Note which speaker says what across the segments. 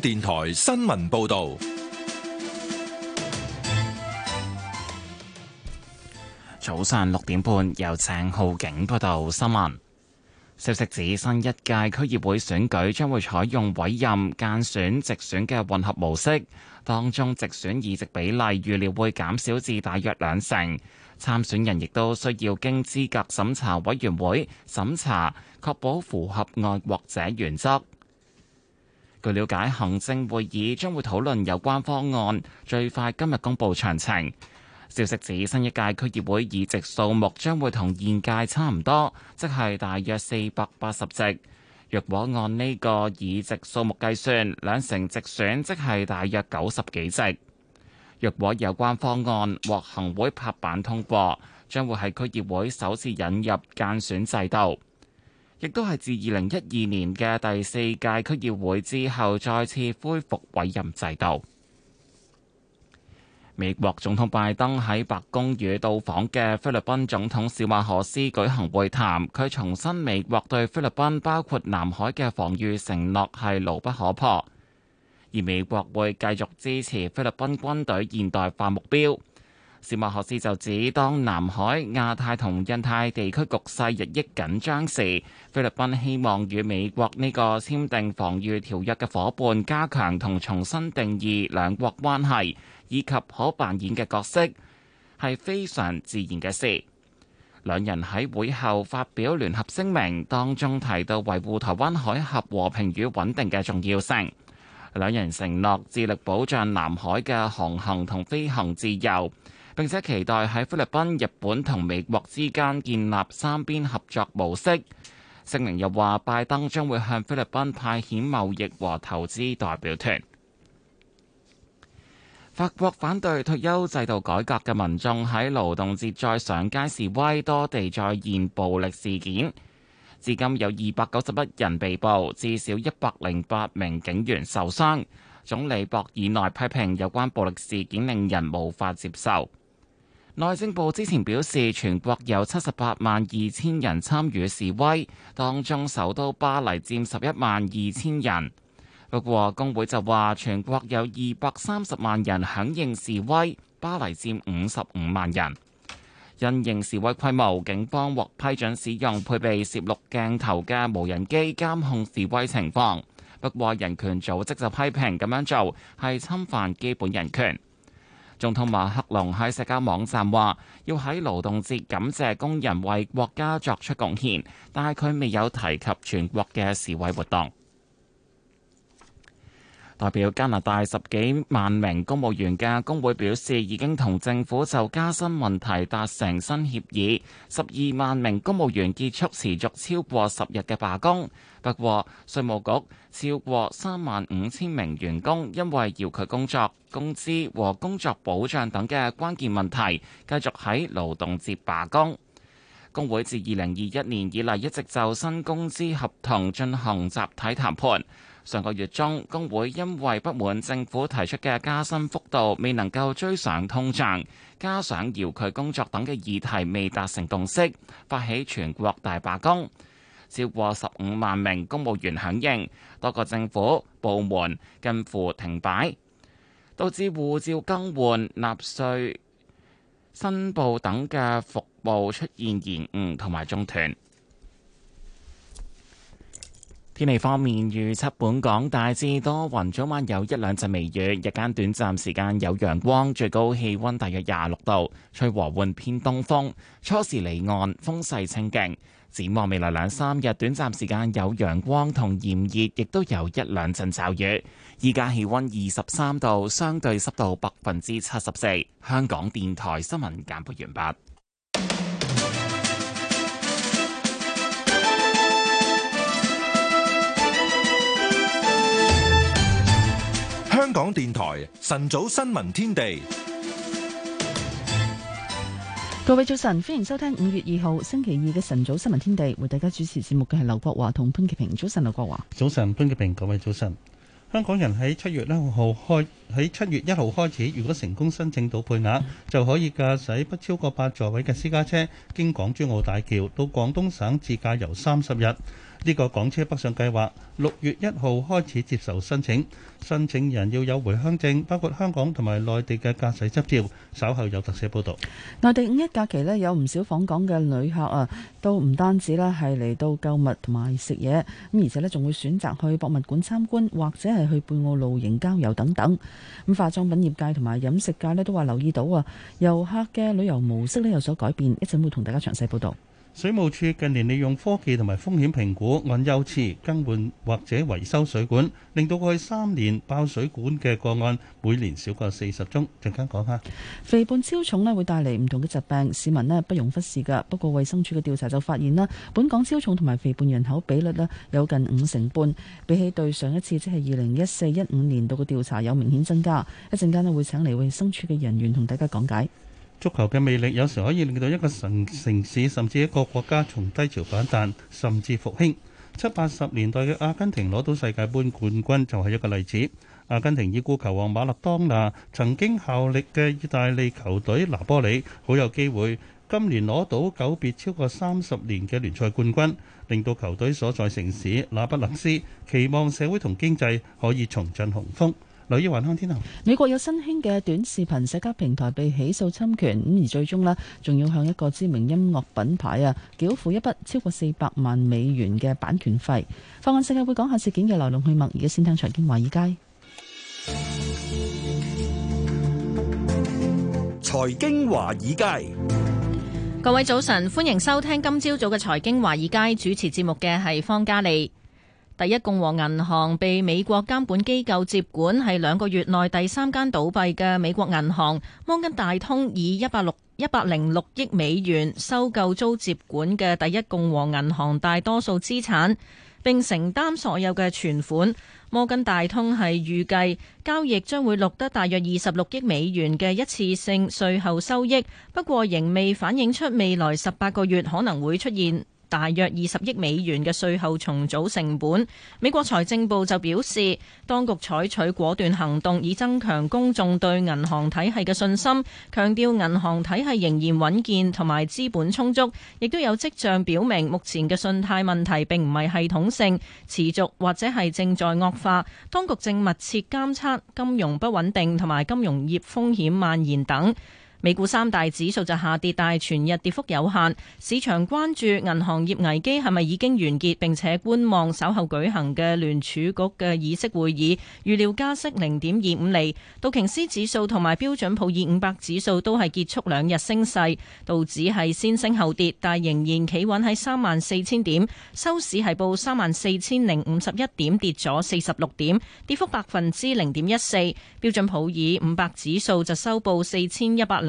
Speaker 1: 電台新聞報道，
Speaker 2: 早上六點半由鄭浩景報道新聞。消息指，新一屆區議會選舉將會採用委任、間選、直選嘅混合模式，當中直選議席比例預料會減少至大約兩成，參選人亦都需要經資格審查委員會審查，確保符合愛國者原則。據了解，行政會議將會討論有關方案，最快今日公布詳情。消息指，新一屆區議會議席數目將會同現屆差唔多，即係大約四百八十席。若果按呢個議席數目計算，兩成直選即係大約九十幾席。若果有關方案獲行會拍板通過，將會係區議會首次引入間選制度。亦都係自二零一二年嘅第四屆區議會之後，再次恢復委任制度。美國總統拜登喺白宮與到訪嘅菲律賓總統小馬可斯舉行會談，佢重申美國對菲律賓包括南海嘅防禦承諾係牢不可破，而美國會繼續支持菲律賓軍隊現代化目標。史莫學斯就指，當南海、亞太同印太地區局勢日益緊張時，菲律賓希望與美國呢個簽訂防禦條約嘅夥伴加強同重新定義兩國關係，以及可扮演嘅角色，係非常自然嘅事。兩人喺會後發表聯合聲明，當中提到維護台灣海峽和平與穩定嘅重要性。兩人承諾致力保障南海嘅航行同飛行自由。並且期待喺菲律賓、日本同美國之間建立三邊合作模式。聲明又話，拜登將會向菲律賓派遣貿易和投資代表團。法國反對退休制度改革嘅民眾喺勞動節再上街示威，多地再現暴力事件。至今有二百九十一人被捕，至少一百零八名警員受傷。總理博爾內批評有關暴力事件令人無法接受。內政部之前表示，全國有七十八萬二千人參與示威，當中首都巴黎佔十一萬二千人。不過，工會就話全國有二百三十萬人響應示威，巴黎佔五十五萬人。因應示威規模，警方獲批准使用配備攝錄鏡頭嘅無人機監控示威情況。不過，人權組織就批評咁樣做係侵犯基本人權。總統馬克龍喺社交網站話要喺勞動節感謝工人為國家作出貢獻，但係佢未有提及全國嘅示威活動。代表加拿大十幾萬名公務員嘅工會表示，已經同政府就加薪問題達成新協議，十二萬名公務員結束持續超過十日嘅罷工。不過，包括稅務局超過三萬五千名員工因為遙距工作、工資和工作保障等嘅關鍵問題，繼續喺勞動節罷工。工會自二零二一年以嚟一直就新工資合同進行集體談判。上個月中，工會因為不滿政府提出嘅加薪幅度未能夠追上通脹，加上遙距工作等嘅議題未達成共識，發起全國大罷工。超過十五萬名公務員響應，多個政府部門近乎停擺，導致護照更換、納稅、申報等嘅服務出現延誤同埋中斷。天氣方面預測，本港大致多雲，早晚有一兩陣微雨，日間短暫時間有陽光，最高氣温大約廿六度，吹和緩偏東風，初時離岸風勢清勁。展望未來兩三日，短暫時間有陽光同炎熱，亦都有一兩陣驟雨。依家氣溫二十三度，相對濕度百分之七十四。香港電台新聞簡報完畢。
Speaker 1: 香港電台晨早新聞天地。
Speaker 3: 各位早晨，歡迎收聽五月二號星期二嘅晨早新聞天地。為大家主持節目嘅係劉國華同潘潔平。早晨，劉國華。
Speaker 4: 早晨，潘潔平。各位早晨。香港人喺七月一號開喺七月一號開始，如果成功申請到配額，就可以駕駛不超過八座位嘅私家車，經港珠澳大橋到廣東省自駕遊三十日。呢個港車北上計劃六月一號開始接受申請，申請人要有回鄉證，包括香港同埋內地嘅駕駛執照。稍後有特寫報道。
Speaker 3: 內地五一假期咧，有唔少訪港嘅旅客啊，都唔單止咧係嚟到購物同埋食嘢，咁而且咧仲會選擇去博物館參觀，或者係去貝澳露營郊遊等等。咁化妝品業界同埋飲食界咧都話留意到啊，遊客嘅旅遊模式咧有所改變，一陣會同大家詳細報道。
Speaker 4: 水務署近年利用科技同埋風險評估，按優次更換或者維修水管，令到過去三年爆水管嘅個案每年少過四十宗。陣間講下。
Speaker 3: 肥胖超重咧會帶嚟唔同嘅疾病，市民咧不容忽視㗎。不過衞生署嘅調查就發現咧，本港超重同埋肥胖人口比率咧有近五成半，比起對上一次即係二零一四一五年度嘅調查有明顯增加。一陣間咧會請嚟衞生署嘅人員同大家講解。
Speaker 4: 足球嘅魅力有時可以令到一個城城市，甚至一個國家從低潮反彈，甚至復興。七八十年代嘅阿根廷攞到世界盃冠軍就係一個例子。阿根廷已故球王馬勒當拿曾經效力嘅意大利球隊拿波里好有機會今年攞到久別超過三十年嘅聯賽冠軍，令到球隊所在城市那不勒斯期望社會同經濟可以重振雄風。女意雲香天虹。
Speaker 3: 美國有新興嘅短視頻社交平台被起訴侵權，咁而最終呢，仲要向一個知名音樂品牌啊繳付一筆超過四百萬美元嘅版權費。《放眼世界》會講下事件嘅來龍去脈，而家先聽財經華爾街。
Speaker 1: 財經華爾街，
Speaker 5: 各位早晨，歡迎收聽今朝早嘅財經華爾街，主持節目嘅係方嘉莉。第一共和銀行被美國監管機構接管，係兩個月內第三間倒閉嘅美國銀行。摩根大通以一百六一百零六億美元收購遭接管嘅第一共和銀行大多數資產，並承擔所有嘅存款。摩根大通係預計交易將會錄得大約二十六億美元嘅一次性稅後收益，不過仍未反映出未來十八個月可能會出現，大約二十億美元嘅稅後重組成本。美國財政部就表示，當局採取果斷行動，以增強公眾對銀行體系嘅信心，強調銀行體系仍然穩健同埋資本充足，亦都有跡象表明目前嘅信貸問題並唔係系統性、持續或者係正在惡化，當局正密切監測金融不穩定同埋金融業風險蔓延等。美股三大指數就下跌，但係全日跌幅有限。市場關注銀行業危機係咪已經完結？並且觀望稍後舉行嘅聯儲局嘅議息會議，預料加息零點二五厘。道瓊斯指數同埋標準普爾五百指數都係結束兩日升勢。道指係先升後跌，但係仍然企穩喺三萬四千點。收市係報三萬四千零五十一點，跌咗四十六點，跌幅百分之零點一四。標準普爾五百指數就收報四千一百。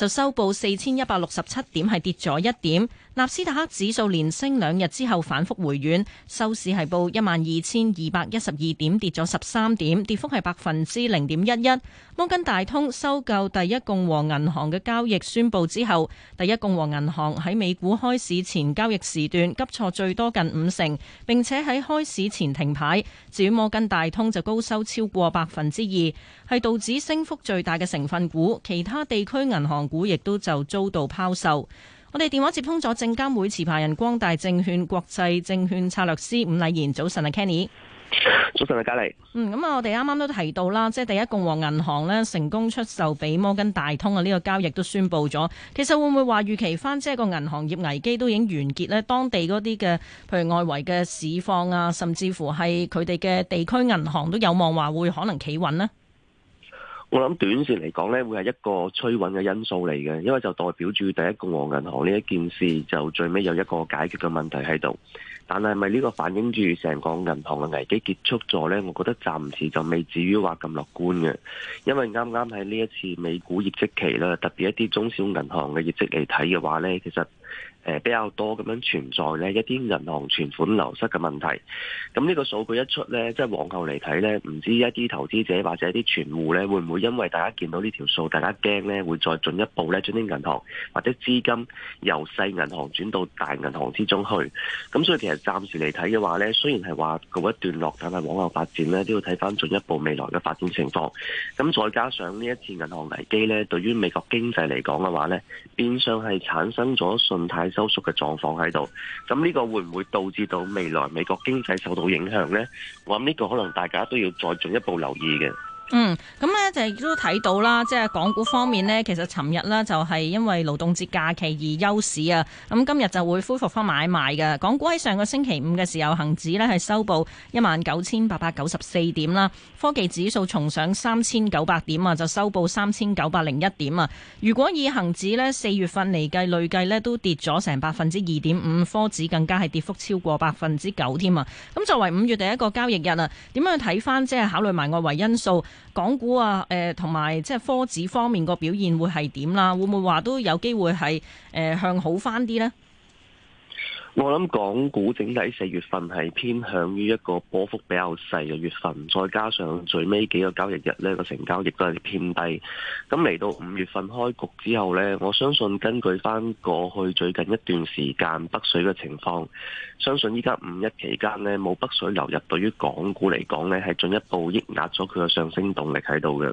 Speaker 5: 就收報四千一百六十七點，係跌咗一點。.納斯達克指數連升兩日之後反覆回軟，收市係報一萬二千二百一十二點，跌咗十三點，跌幅係百分之零點一一。摩根大通收購第一共和銀行嘅交易宣布之後，第一共和銀行喺美股開市前交易時段急挫最多近五成，並且喺開市前停牌。至於摩根大通就高收超過百分之二，係道指升幅最大嘅成分股。其他地區銀行股亦都就遭到拋售。我哋電話接通咗證監會持牌人光大證券國際證券策略師伍禮賢，早晨啊 Kenny。
Speaker 6: 早晨啊，嘉麗。
Speaker 5: 嗯，咁啊，我哋啱啱都提到啦，即係第一共和銀行咧成功出售俾摩根大通啊，呢個交易都宣布咗。其實會唔會話預期翻，即係個銀行業危機都已經完結呢？當地嗰啲嘅，譬如外圍嘅市況啊，甚至乎係佢哋嘅地區銀行都有望話會可能企穩呢？
Speaker 6: 我諗短線嚟講呢，會係一個趨穩嘅因素嚟嘅，因為就代表住第一共和銀行呢一件事，就最尾有一個解決嘅問題喺度。但係咪呢個反映住成個銀行嘅危機結束咗呢？我覺得暫時就未至於話咁樂觀嘅，因為啱啱喺呢一次美股業績期啦，特別一啲中小銀行嘅業績嚟睇嘅話呢，其實。比較多咁樣存在呢一啲銀行存款流失嘅問題，咁呢個數據一出呢，即係往後嚟睇呢，唔知一啲投資者或者一啲存戶呢，會唔會因為大家見到呢條數，大家驚呢會再進一步呢將啲銀行或者資金由細銀行轉到大銀行之中去？咁所以其實暫時嚟睇嘅話呢，雖然係話告一段落，但係往後發展呢，都要睇翻進一步未來嘅發展情況。咁再加上呢一次銀行危機呢，對於美國經濟嚟講嘅話呢，變相係產生咗信貸。收縮嘅狀況喺度，咁呢個會唔會導致到未來美國經濟受到影響咧？我諗呢個可能大家都要再進一步留意嘅。
Speaker 7: 嗯，
Speaker 5: 咁呢就亦都睇到啦，即係港股方面呢，其實尋日咧就係因為勞動節假期而休市啊，咁今日就會恢復翻買賣嘅。港股喺上個星期五嘅時候，恆指呢，係收報一萬九千八百九十四點啦，科技指數重上三千九百點啊，就收報三千九百零一點啊。如果以恆指呢，四月份嚟計，累計呢都跌咗成百分之二點五，科指更加係跌幅超過百分之九添啊。咁、嗯、作為五月第一個交易日啊，點樣睇翻即係考慮埋外圍因素？港股啊，誒，同埋即係科指方面個表現會係點啦？會唔會話都有機會係誒向好翻啲咧？
Speaker 6: 我諗港股整體四月份係偏向於一個波幅比較細嘅月份，再加上最尾幾個交易日呢個成交亦都係偏低。咁嚟到五月份開局之後呢，我相信根據翻過去最近一段時間北水嘅情況，相信依家五一期間呢冇北水流入，對於港股嚟講呢係進一步抑壓咗佢嘅上升動力喺度嘅。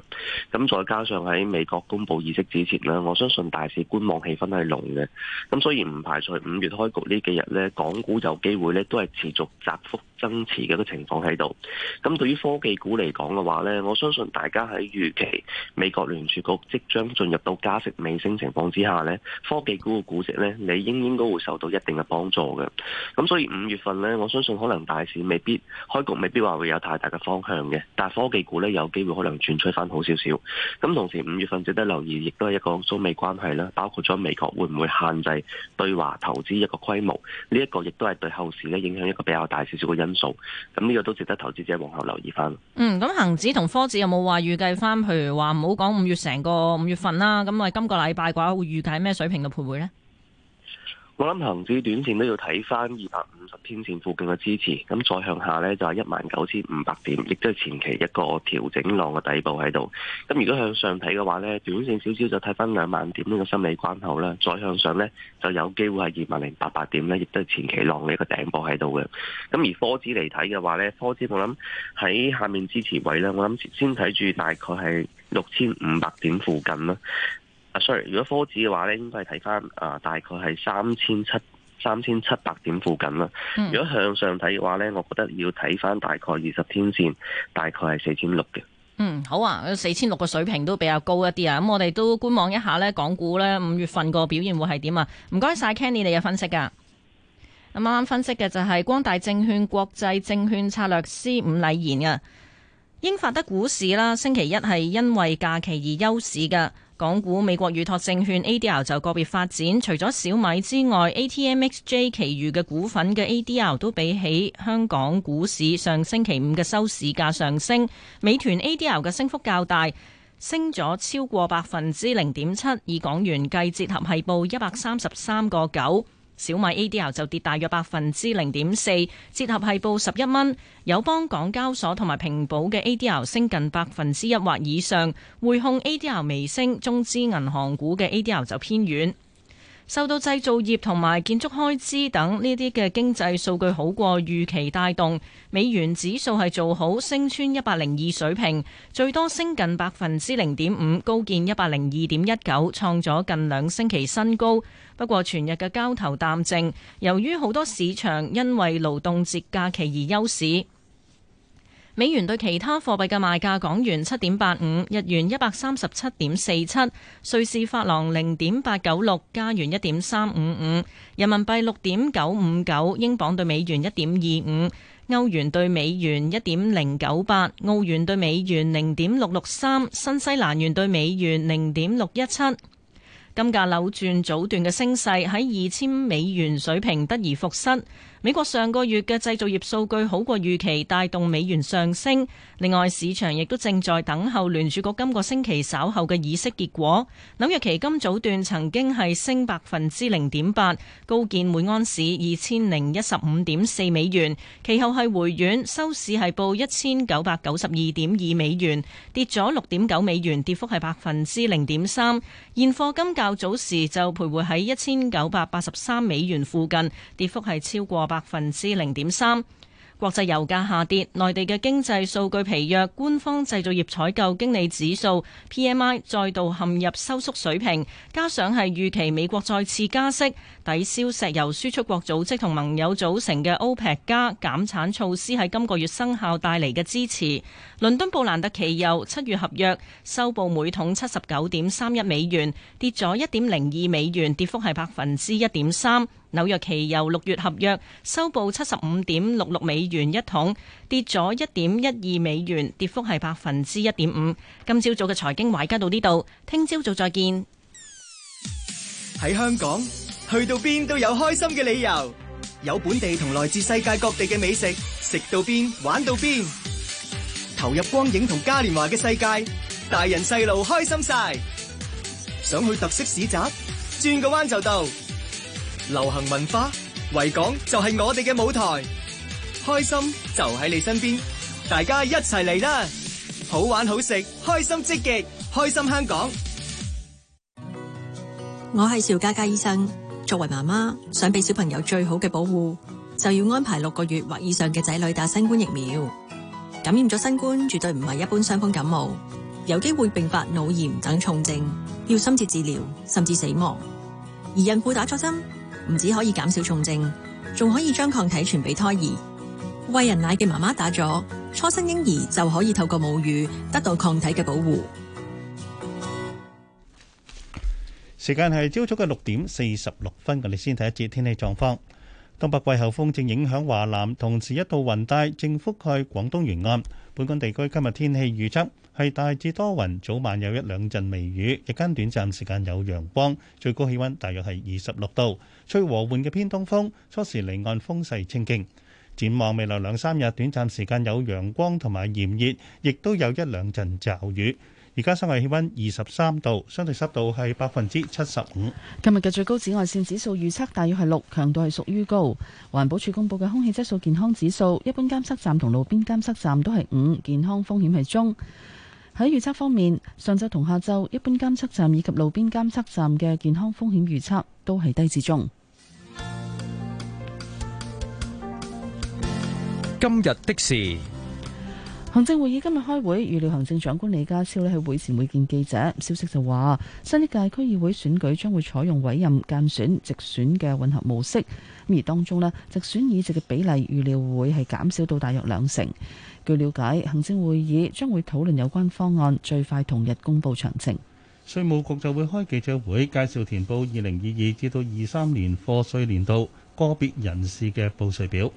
Speaker 6: 咁再加上喺美國公布議息之前呢，我相信大市觀望氣氛係濃嘅。咁所以唔排除五月開局呢幾日。港股有機會咧，都係持續窄幅增持嘅一個情況喺度。咁對於科技股嚟講嘅話咧，我相信大家喺預期美國聯儲局即將進入到加息尾聲情況之下咧，科技股嘅估值咧，理應該應該會受到一定嘅幫助嘅。咁所以五月份咧，我相信可能大市未必開局，未必話會有太大嘅方向嘅。但係科技股咧有機會可能轉趨翻好少少。咁同時五月份值得留意，亦都係一個中美關係啦，包括咗美國會唔會限制對華投資一個規模。呢一個亦都係對後市咧影響一個比較大少少嘅因素，咁、這、呢個都值得投資者往後留意翻。嗯，
Speaker 5: 咁恒指同科指有冇話預計翻？譬如話唔好講五月成個五月份啦，咁我哋今個禮拜嘅話會預計咩水平嘅徘徊咧？
Speaker 6: 我諗恒指短線都要睇翻二百五十天線附近嘅支持，咁再向下呢，就係一萬九千五百點，亦都係前期一個調整浪嘅底部喺度。咁如果向上睇嘅話呢，短線少少就睇翻兩萬點呢個心理關口啦。再向上呢，就有機會係二萬零八百點呢，亦都係前期浪嘅一個頂部喺度嘅。咁而科指嚟睇嘅話呢，科指我諗喺下面支持位呢，我諗先睇住大概係六千五百點附近啦。Sorry, 如果科指嘅話咧，應該係睇翻啊，大概係三千七三千七百點附近啦。如果向上睇嘅話咧，我覺得要睇翻大概二十天線，大概係四千六嘅。嗯，
Speaker 5: 好啊，四千六嘅水平都比較高一啲啊。咁我哋都觀望一下咧，港股咧，五月份個表現會係點啊？唔該晒 Candy，你嘅分析噶、啊。咁啱啱分析嘅就係光大證券國際證券策略師伍禮賢啊。英法德股市啦，星期一係因為假期而休市嘅。港股美國預託證券 ADR 就個別發展，除咗小米之外，A T M X J 其餘嘅股份嘅 ADR 都比起香港股市上星期五嘅收市價上升。美團 ADR 嘅升幅較大，升咗超過百分之零點七，以港元計，折合係報一百三十三個九。小米 ADR 就跌大約百分之零點四，折合係報十一蚊。友邦、港交所同埋平保嘅 ADR 升近百分之一或以上，匯控 ADR 微升，中資銀行股嘅 ADR 就偏軟。受到製造業同埋建築開支等呢啲嘅經濟數據好過預期帶動，美元指數係做好，升穿一百零二水平，最多升近百分之零點五，高見一百零二點一九，創咗近兩星期新高。不過全日嘅交投淡靜，由於好多市場因為勞動節假期而休市。美元對其他貨幣嘅賣價：港元七點八五，日元一百三十七點四七，瑞士法郎零點八九六，加元一點三五五，人民幣六點九五九，英鎊對美元一點二五，歐元對美元一點零九八，澳元對美元零點六六三，新西蘭元對美元零點六一七。金價扭轉早段嘅升勢，喺二千美元水平得而復失。美國上個月嘅製造業數據好過預期，帶動美元上升。另外，市場亦都正在等候聯儲局今個星期稍後嘅議息結果。紐約期金早段曾經係升百分之零點八，高見每安士二千零一十五點四美元。其後係回軟，收市係報一千九百九十二點二美元，跌咗六點九美元，跌幅係百分之零點三。現貨金較早時就徘徊喺一千九百八十三美元附近，跌幅係超過。百分之零點三。國際油價下跌，內地嘅經濟數據疲弱，官方製造業採購經理指數 PMI 再度陷入收縮水平，加上係預期美國再次加息，抵消石油輸出國組織同盟友組成嘅 OPEC 加減產措施喺今個月生效帶嚟嘅支持。倫敦布蘭特期油七月合約收報每桶七十九點三一美元，跌咗一點零二美元，跌幅係百分之一點三。紐約期油六月合約收報七十五點六六美元一桶，跌咗一點一二美元，跌幅係百分之一點五。今朝早嘅財經快加到呢度，聽朝早再見。
Speaker 8: 喺香港，去到邊都有開心嘅理由，有本地同來自世界各地嘅美食，食到邊玩到邊，投入光影同嘉年華嘅世界，大人細路開心晒。想去特色市集，轉個彎就到。
Speaker 9: 流行文化，維港就係我哋嘅舞台，開心就喺你身邊，大家一齊嚟啦！好玩好食，開心
Speaker 8: 積
Speaker 5: 極，開心香港。
Speaker 10: 我係邵嘉嘉醫生，作為媽媽，想俾小朋友最好嘅保護，就要安排六個月或以上嘅仔女打新冠疫苗。感染咗新冠，絕對唔係一般傷風感冒，有
Speaker 5: 機會併發腦炎等重症，要深切治療，甚至死亡。而孕婦打咗針。唔止可以減少重症，仲可以將抗體傳俾胎兒。喂人奶嘅媽媽打咗，初生嬰兒就可以透過母乳得到抗體嘅保護。
Speaker 4: 時間係朝早嘅六點四十六分，我哋先睇一節天氣狀況。東北季候風正影響華南，同時一道雲帶正覆蓋廣東沿岸。本港地區今日天氣預測係大致多雲，早晚有一兩陣微雨，日間短暫時間有陽光，最高氣溫大約係二十六度。吹和緩嘅偏東風，初時離岸風勢清勁。展望未來兩三日，短暫時間有陽光同埋炎熱，亦都有一兩陣驟雨。而家室外氣溫二十三度，相對濕度係百分之七十五。
Speaker 3: 今日嘅最高紫外線指數預測大約係六，強度係屬於高。環保署公布嘅空氣質素健康指數，一般監測站同路邊監測站都係五，健康風險係中。喺預測方面，上晝同下晝一般監測站以及路邊監測站嘅健康風險預測都係低至中。今日的事，行政會議今日開會，預料行政長官李家超呢喺會前會見記者。消息就話，新一屆區議會選舉將會採用委任、間選、直選嘅混合模式。而當中咧，直選議席嘅比例預料會係減少到大約兩成。據了解，行政會議將會討論有關方案，最快同日公布詳情。
Speaker 4: 稅務局就會開記者會介紹填報二零二二至到二三年課稅年度個別人士嘅報稅表。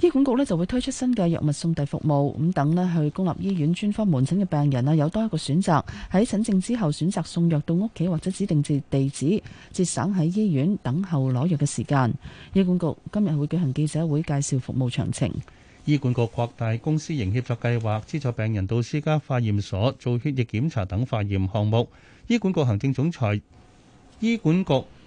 Speaker 3: 醫管局咧就會推出新嘅藥物送遞服務，咁等咧去公立醫院專科門診嘅病人啊，有多一個選擇喺診症之後選擇送藥到屋企或者指定嘅地址，節省喺醫院等候攞藥嘅時間。醫管局今日會舉行記者會介紹服務詳情。
Speaker 4: 醫管局擴大公私營協作計劃，資助病人到私家化驗所做血液檢查等化驗項目。醫管局行政總裁，醫管局。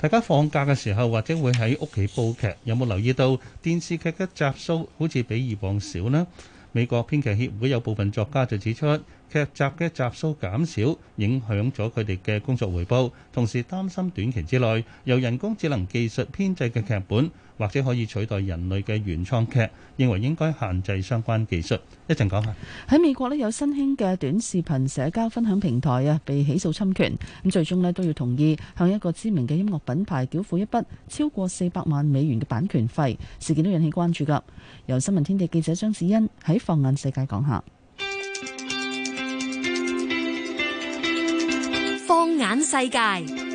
Speaker 4: 大家放假嘅時候或者會喺屋企煲劇，有冇留意到電視劇嘅集數好似比以往少呢？美國編劇協會有部分作家就指出，劇集嘅集數減少影響咗佢哋嘅工作回報，同時擔心短期之內由人工智能技術編製嘅劇本。或者可以取代人類嘅原創劇，認為應該限制相關技術。一陣講下。
Speaker 3: 喺美國咧，有新興嘅短視頻社交分享平台啊，被起訴侵權，咁最終咧都要同意向一個知名嘅音樂品牌繳付一筆超過四百萬美元嘅版權費，事件都引起關注噶。由新聞天地記者張子欣喺放眼世界講下。
Speaker 11: 放眼世界。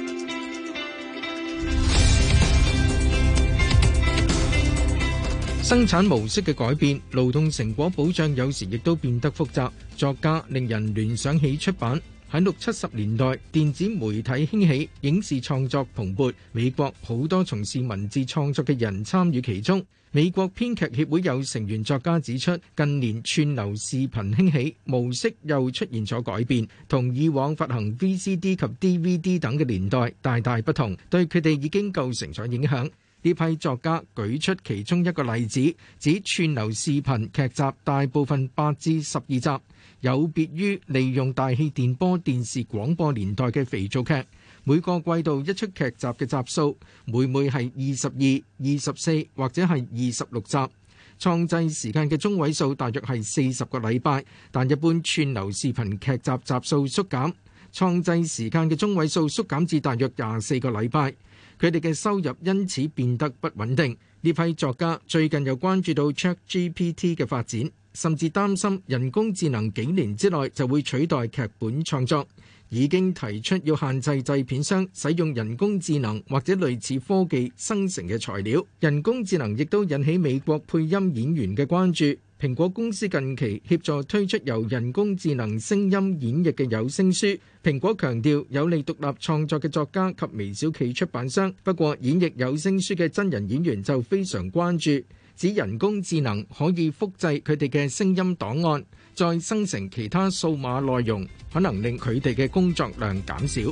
Speaker 7: 生產模式嘅改變，勞動成果保障有時亦都變得複雜。作家令人聯想起出版，喺六七十年代，電子媒體興起，影視創作蓬勃，美國好多從事文字創作嘅人參與其中。美國編劇協會有成員作家指出，近年串流視頻興起，模式又出現咗改變，同以往發行 VCD 及 DVD 等嘅年代大大不同，對佢哋已經構成咗影響。呢批作家舉出其中一個例子，指串流視頻劇集大部分八至十二集，有別於利用大氣電波電視廣播年代嘅肥皂劇，每個季度一出劇集嘅集數每每係二十二、二十四或者係二十六集。創製時間嘅中位數大約係四十個禮拜，但一般串流視頻劇集集數縮減，創製時間嘅中位數縮減至大約廿四個禮拜。佢哋嘅收入因此變得不穩定。呢批作家最近又關注到 ChatGPT 嘅發展，甚至擔心人工智能幾年之內就會取代劇本創作，已經提出要限制製片商使用人工智能或者類似科技生成嘅材料。人工智能亦都引起美國配音演員嘅關注。蘋果公司近期協助推出由人工智能聲音演繹嘅有聲書。蘋果強調有利獨立創作嘅作家及微小企出版商，不過演繹有聲書嘅真人演員就非常關注，指人工智能可以複製佢哋嘅聲音檔案，再生成其他數碼內容，可能令佢哋嘅工作量減少。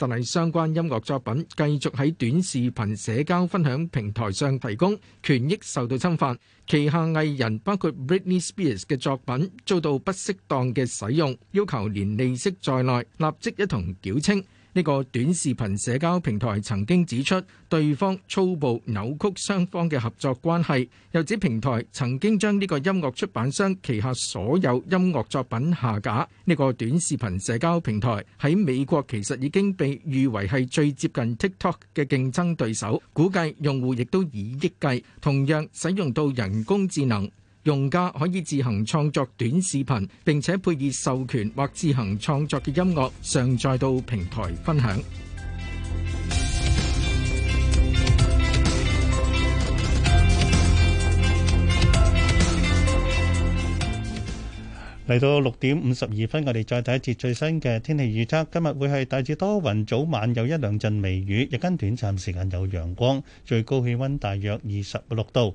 Speaker 7: 但係相關音樂作品繼續喺短視頻社交分享平台上提供，權益受到侵犯。旗下藝人包括 Britney Spears 嘅作品遭到不適當嘅使用，要求連利息在內立即一同繳清。呢個短視頻社交平台曾經指出對方粗暴扭曲雙方嘅合作關係，又指平台曾經將呢個音樂出版商旗下所有音樂作品下架。呢個短視頻社交平台喺美國其實已經被譽為係最接近 TikTok 嘅競爭對手，估計用戶亦都以億計，同樣使用到人工智能。用家可以自行創作短視頻，並且配以授權或自行創作嘅音樂，上載到平台分享。
Speaker 4: 嚟到六點五十二分，我哋再睇一節最新嘅天氣預測。今日會係大致多雲，早晚有一兩陣微雨，日間短暫時間有陽光，最高氣溫大約二十六度。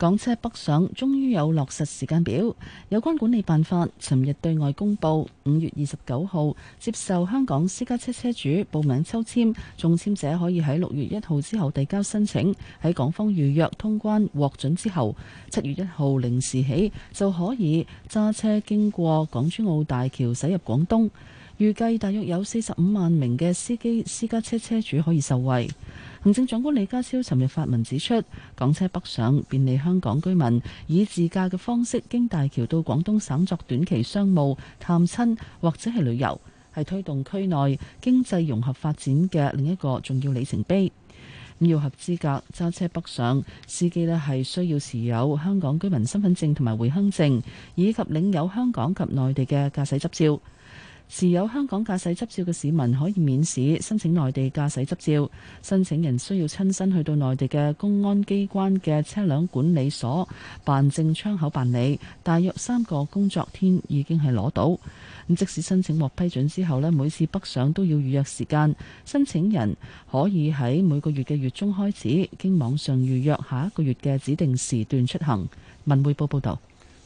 Speaker 3: 港車北上終於有落實時間表，有關管理辦法，尋日對外公佈。五月二十九號接受香港私家車車主報名抽籤，中籤者可以喺六月一號之後遞交申請，喺港方預約通關獲准之後，七月一號零時起就可以揸車經過港珠澳大橋駛入廣東。預計大約有四十五萬名嘅司機私家車車主可以受惠。行政長官李家超尋日發文指出，港車北上便利香港居民以自駕嘅方式經大橋到廣東省作短期商務、探親或者係旅遊，係推動區內經濟融合發展嘅另一個重要里程碑。要合資格揸車北上，司機呢係需要持有香港居民身份證同埋回鄉證，以及領有香港及內地嘅駕駛執照。持有香港駕駛執照嘅市民可以免試申請內地駕駛執照，申請人需要親身去到內地嘅公安機關嘅車輛管理所辦證窗口辦理，大約三個工作天已經係攞到。咁即使申請獲批准之後咧，每次北上都要預約時間，申請人可以喺每個月嘅月中開始經網上預約下一個月嘅指定時段出行。文匯報報道。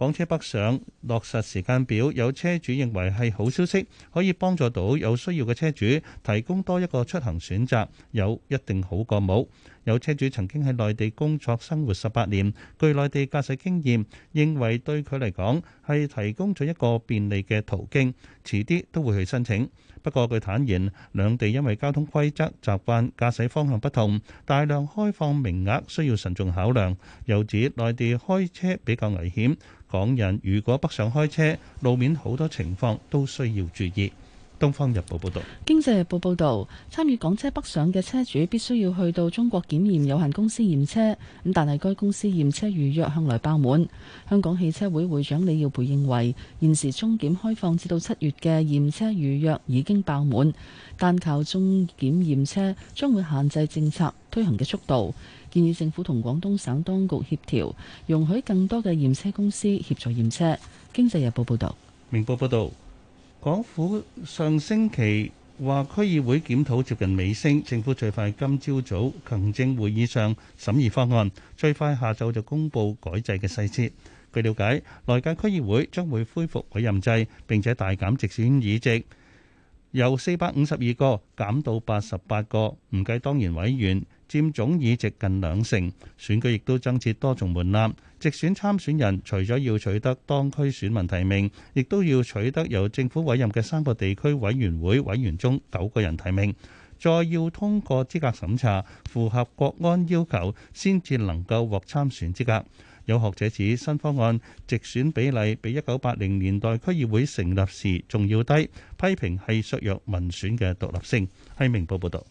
Speaker 4: 港車北上，落實時間表，有車主認為係好消息，可以幫助到有需要嘅車主提供多一個出行選擇，有一定好過冇。有車主曾經喺內地工作生活十八年，具內地駕駛經驗，認為對佢嚟講係提供咗一個便利嘅途徑，遲啲都會去申請。不過據，佢坦言，兩地因為交通規則、習慣、駕駛方向不同，大量開放名額需要慎重考量。又指內地開車比較危險，港人如果北上開車，路面好多情況都需要注意。《東方日報，報道》報導，
Speaker 3: 《經濟日報》報導，參與港車北上嘅車主必須要去到中國檢驗有限公司驗車，咁但係該公司驗車預約向來爆滿。香港汽車會會長李耀培認為，現時中檢開放至到七月嘅驗車預約已經爆滿，單靠中檢驗車將會限制政策推行嘅速度，建議政府同廣東省當局協調，容許更多嘅驗車公司協助驗車。《經濟日報，報道》報導，
Speaker 4: 《明報，報道》報導。港府上星期話區議會檢討接近尾聲，政府最快今朝早行政會議上審議方案，最快下晝就公布改制嘅細節。據了解，來屆區議會將會恢復委任制，並且大減直選議席，由四百五十二個減到八十八個，唔計當然委員。佔總議席近兩成，選舉亦都增設多重門檻。直選參選人除咗要取得當區選民提名，亦都要取得由政府委任嘅三個地區委員會委員中九個人提名，再要通過資格審查，符合國安要求，先至能夠獲參選資格。有學者指，新方案直選比例比一九八零年代區議會成立時仲要低，批評係削弱民選嘅獨立性。《明報》報道，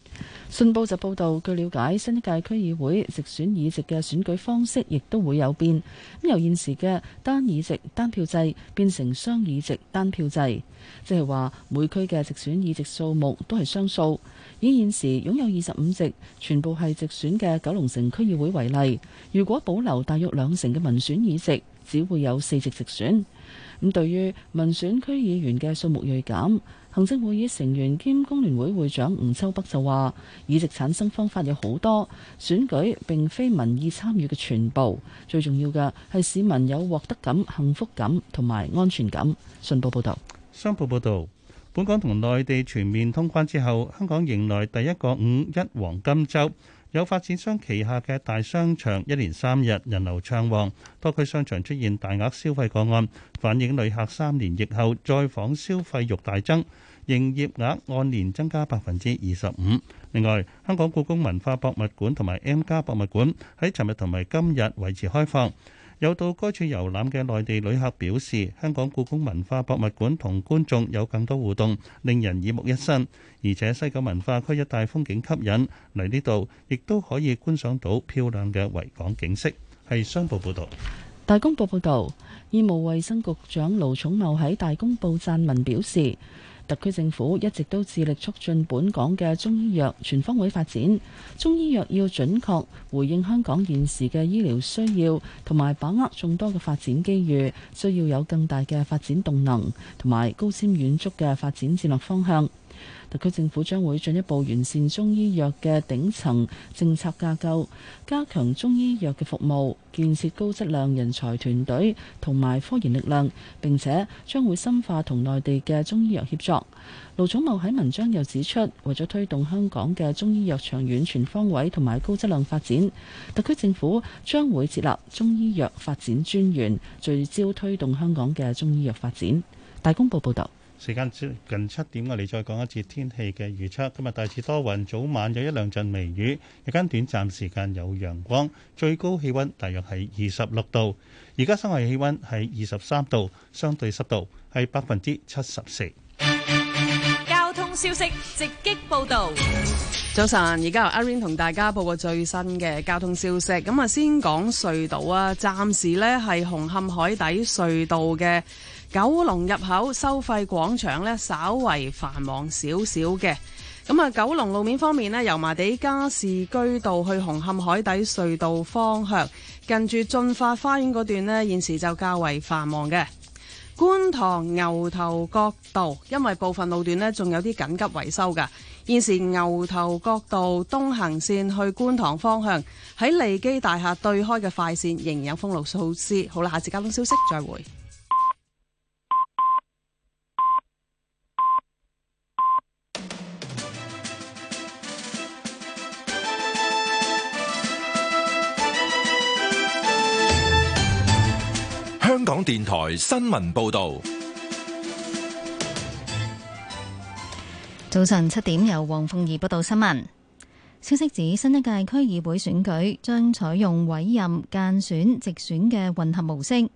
Speaker 3: 信報就報道，據了解，新一屆區議會直選議席嘅選舉方式亦都會有變，咁由現時嘅單議席單票制變成雙議席單票制，即係話每區嘅直選議席數目都係雙數，以現時擁有二十五席，全部係直選嘅九龍城區議會為例，如果保留大約兩成嘅民選議席，只會有四席直選，咁對於民選區議員嘅數目銳減。行政會議成員兼工聯會會長吳秋北就話：議席產生方法有好多，選舉並非民意參與嘅全部。最重要嘅係市民有獲得感、幸福感同埋安全感。信報報道：「商報報道，本港同內地全面通關之後，香
Speaker 4: 港迎來第一個五一黃金週。有發展商旗下嘅大商場一連三日人流暢旺，多區商場出現大額消費個案，反映旅客三年疫後再訪消費慾大增，營業額按年增加百分之二十五。另外，香港故宮文化博物館同埋 M+ 博物館喺尋日同埋今日維持開放。有到該處遊覽嘅內地旅客表示，香港故宮文化博物館同觀眾有更多互動，令人耳目一新。而且西九文化區一帶風景吸引，嚟呢度亦都可以觀賞到漂亮嘅維港景色。係商報報道。
Speaker 3: 大公報報道，醫務衛生局長盧寵茂喺大公報撰文表示。特區政府一直都致力促進本港嘅中醫藥全方位發展。中醫藥要準確回應香港現時嘅醫療需要，同埋把握眾多嘅發展機遇，需要有更大嘅發展動能，同埋高瞻遠矚嘅發展戰略方向。特區政府將會進一步完善中醫藥嘅頂層政策架構，加強中醫藥嘅服務，建設高質量人才團隊同埋科研力量，並且將會深化同內地嘅中醫藥協作。盧寵茂喺文章又指出，為咗推動香港嘅中醫藥長遠全方位同埋高質量發展，特區政府將會設立中醫藥發展專員，聚焦推動香港嘅中醫藥發展。大公報報道。
Speaker 4: 時間近七點，我哋再講一次天氣嘅預測。今日大致多雲，早晚有一兩陣微雨，日間短暫時間有陽光，最高氣温大約係二十六度。而家室外氣温係二十三度，相對濕度
Speaker 12: 係百分之七十四。
Speaker 10: 交通消息直擊報導。
Speaker 12: 早晨，而家由阿 Rain 同大家報個最新嘅交通消息。咁啊，先講隧道啊，暫時呢係紅磡海底隧道嘅。九龍入口收費廣場咧，稍為繁忙少少嘅。咁啊，九龍路面方面咧，油麻地加士居道去紅磡海底隧道方向，近住駿發花園嗰段呢，現時就較為繁忙嘅。觀塘牛頭角道，因為部分路段呢，仲有啲緊急維修嘅，現時牛頭角道東行線去觀塘方向，喺利基大廈對開嘅快線，仍然有封路措施。好啦，下次交通消息再會。
Speaker 7: 香港電台新聞報道，
Speaker 11: 早晨七點，由黃鳳儀報道新聞。消息指，新一屆區議會選舉將採用委任、間選、直選嘅混合模式，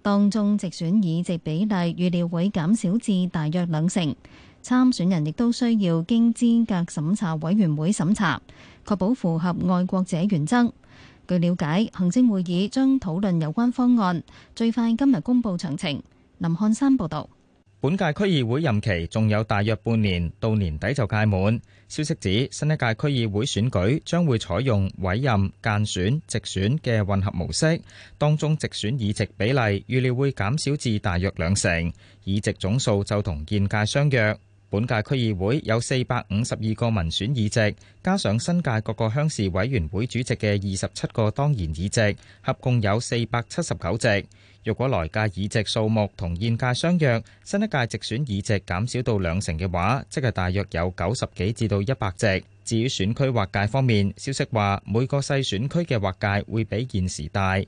Speaker 11: 當中直選議席比例預料會減少至大約兩成，參選人亦都需要經資格審查委員會審查，確保符合愛國者原則。據了解，行政會議將討論有關方案，最快今日公布詳情。林漢山報道。
Speaker 13: 本屆區議會任期仲有大約半年，到年底就屆滿。消息指，新一屆區議會選舉將會採用委任、間選、直選嘅混合模式，當中直選議席比例預料會減少至大約兩成，議席總數就同現屆相約。本屆區議會有四百五十二個民選議席，加上新界各個鄉事委員會主席嘅二十七個當然議席，合共有四百七十九席。若果來屆議席數目同現屆相約，新一屆直選議席減少到兩成嘅話，即係大約有九十幾至到一百席。至於選區劃界方面，消息話每個細選區嘅劃界會比現時大。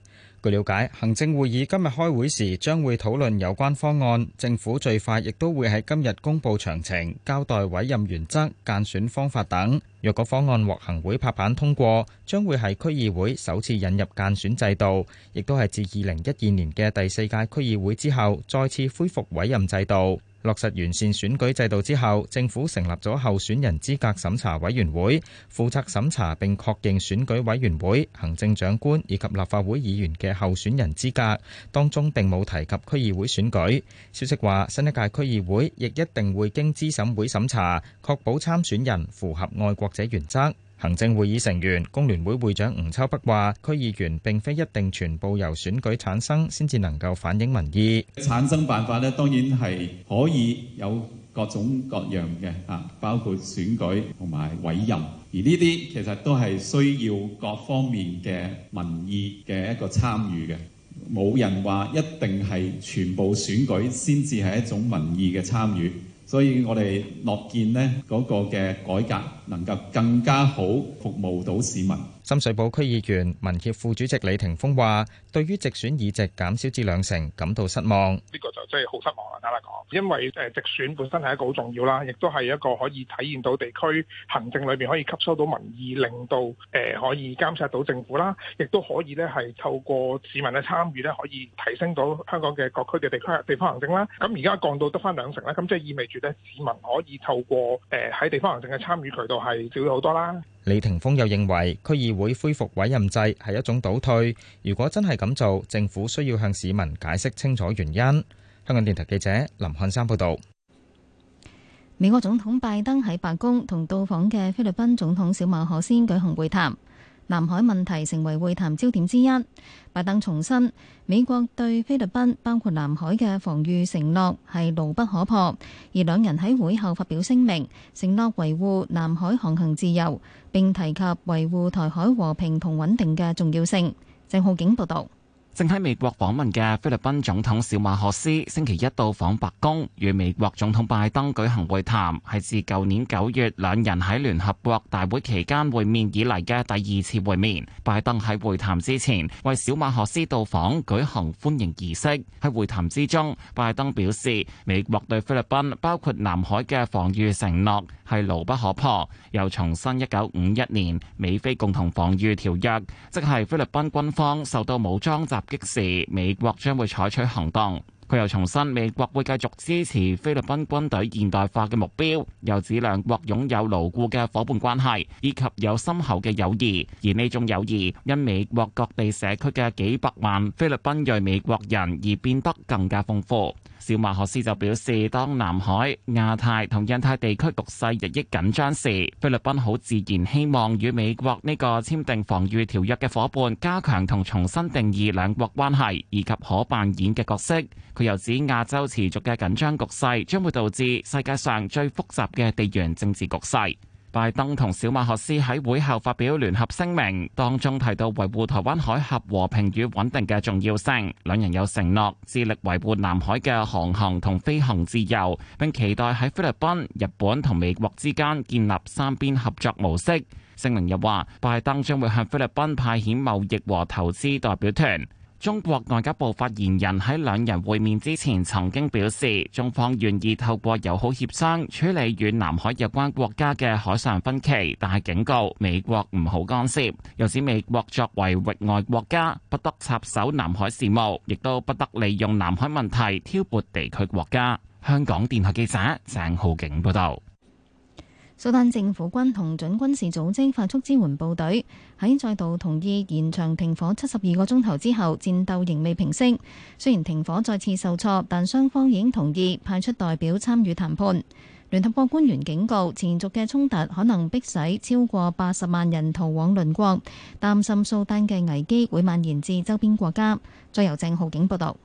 Speaker 13: 據了解，行政會議今日開會時將會討論有關方案，政府最快亦都會喺今日公布詳情，交代委任原則、間選方法等。若果方案獲行會拍板通過，將會係區議會首次引入間選制度，亦都係自2012年嘅第四屆區議會之後再次恢復委任制度。落實完善選舉制度之後，政府成立咗候選人資格審查委員會，負責審查並確認選舉委員會、行政長官以及立法會議員嘅候選人資格。當中並冇提及區議會選舉。消息話，新一屆區議會亦一定會經資審會審查，確保參選人符合愛國者原則。行政會議成員工聯會會長吳秋北話，區議員並非一定全部由選舉產生，先至能夠反映民意。產生辦法咧，當然係可以有各種各樣嘅啊，包括選舉同
Speaker 14: 埋委任，而呢啲其實都係需要各方面嘅民意嘅一個參與嘅。冇人話一定係全部選舉先
Speaker 13: 至係一種民意嘅參與。所以我哋樂見呢嗰個嘅改革，能夠更加好服務到市民。深水埗區議員民協副主席李霆鋒話，對於直選議席減少至兩成感到失望。
Speaker 15: 呢個就真係好失望啦，坦白講，因為誒，直選本身係一個好重要啦，亦都係一個可以體驗到地區行政裏邊可以吸收到民意，令到誒、呃、可以監察到政府啦，亦都可以咧係透過市民嘅參與咧，可以提升到香港嘅各區嘅地區地方行政啦。咁而家降到得返兩成啦，咁即係意味住咧市民可以透過誒喺、呃、地方行政嘅參與渠道係少咗好多啦。
Speaker 13: 李霆峰又認為區議會恢復委任制係一種倒退，如果真係咁做，政府需要向市民解釋清楚原因。香港電台記者林漢山報導。
Speaker 11: 美國總統拜登喺白宮同到訪嘅菲律賓總統小馬可先舉行會談。南海問題成為會談焦點之一。拜登重申美國對菲律賓包括南海嘅防禦承諾係牢不可破，而兩人喺會後發表聲明，承諾維護南海航行自由，並提及維護台海和平同穩定嘅重要性。鄭浩景報道。
Speaker 2: 正喺美國訪問嘅菲律賓總統小馬可斯星期一到訪白宮，與美國總統拜登舉行會談，係自舊年九月兩人喺聯合國大會期間會面以嚟嘅第二次會面。拜登喺會談之前為小馬可斯到訪舉行歡迎儀式。喺會談之中，拜登表示美國對菲律賓包括南海嘅防禦承諾係牢不可破，又重申1951年美菲共同防禦條約，即係菲律賓軍方受到武裝襲。即時，美國將會採取行動。佢又重申，美國會繼續支持菲律賓軍隊現代化嘅目標，又指兩國擁有牢固嘅伙伴關係，以及有深厚嘅友誼。而呢種友誼，因美國各地社區嘅幾百萬菲律賓裔美國人而變得更加豐富。小馬可斯就表示，當南海、亞太同印太地區局勢日益緊張時，菲律賓好自然希望與美國呢個簽訂防禦條約嘅伙伴加強同重新定義兩國關係，以及可扮演嘅角色。佢又指，亞洲持續嘅緊張局勢將會導致世界上最複雜嘅地緣政治局勢。拜登同小馬可斯喺會後發表聯合聲明，當中提到維護台灣海峽和平與穩定嘅重要性。兩人有承諾致力維護南海嘅航行同飛行自由，並期待喺菲律賓、日本同美國之間建立三邊合作模式。聲明又話，拜登將會向菲律賓派遣貿易和投資代表團。中國外交部發言人喺兩人會面之前曾經表示，中方願意透過友好協商處理與南海有關國家嘅海上分歧，但係警告美國唔好干涉，又指美國作為域外國家，不得插手南海事務，亦都不得利用南海問題挑撥地區國家。香港電台記者鄭浩景報道。
Speaker 11: 蘇丹政府軍同準軍事組織快速支援部隊喺再度同意延長停火七十二個鐘頭之後，戰鬥仍未平息。雖然停火再次受挫，但雙方已經同意派出代表參與談判。聯合國官員警告，持續嘅衝突可能迫使超過八十萬人逃往鄰國，擔心蘇丹嘅危機會蔓延至周邊國家。再由鄭浩景報道。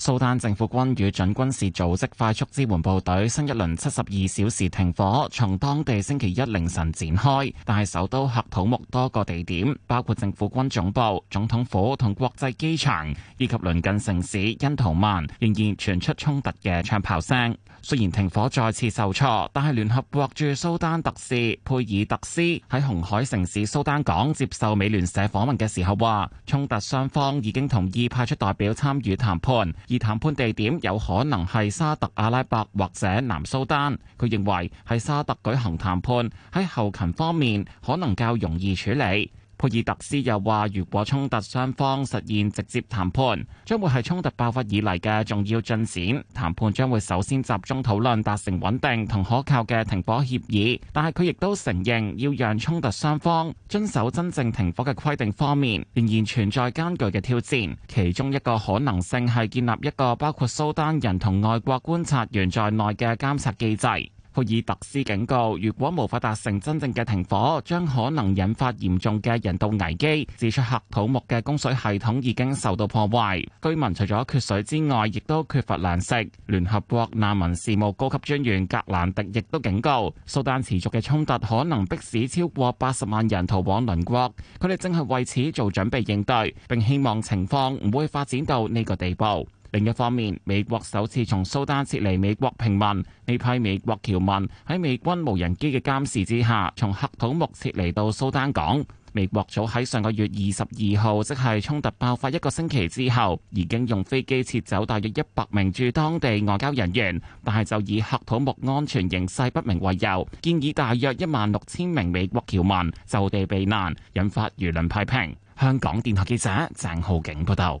Speaker 2: 蘇丹政府軍與準軍事組織快速支援部隊新一輪七十二小時停火從當地星期一凌晨展開，但係首都喀土穆多個地點，包括政府軍總部、總統府同國際機場，以及鄰近城市恩圖曼，仍然傳出衝突嘅槍炮聲。雖然停火再次受挫，但係聯合國駐蘇丹特使佩爾特斯喺紅海城市蘇丹港接受美聯社訪問嘅時候話，衝突雙方已經同意派出代表參與談判，而談判地點有可能係沙特阿拉伯或者南蘇丹。佢認為喺沙特舉行談判喺後勤方面可能較容易處理。佩爾特斯又話，如果衝突雙方實現直接談判，將會係衝突爆發以嚟嘅重要進展。談判將會首先集中討論達成穩定同可靠嘅停火協議。但係佢亦都承認，要讓衝突雙方遵守真正停火嘅規定方面，仍然存在艱巨嘅挑戰。其中一個可能性係建立一個包括蘇丹人同外國觀察員在內嘅監察機制。霍爾特斯警告，如果無法達成真正嘅停火，將可能引發嚴重嘅人道危機。指出喀土穆嘅供水系統已經受到破壞，居民除咗缺水之外，亦都缺乏糧食。聯合國難民事務高級專員格蘭迪亦都警告，蘇丹持續嘅衝突可能迫使超過八十萬人逃往鄰國，佢哋正係為此做準備應對，並希望情況唔會發展到呢個地步。另一方面，美國首次從蘇丹撤離美國平民，呢批美國僑民喺美軍無人機嘅監視之下，從喀土穆撤離到蘇丹港。美國早喺上個月二十二號，即係衝突爆發一個星期之後，已經用飛機撤走大約一百名駐當地外交人員，但係就以喀土穆安全形勢不明為由，建議大約一萬六千名美國僑民就地避難，引發輿論批評。香港電台記者鄭浩景報道。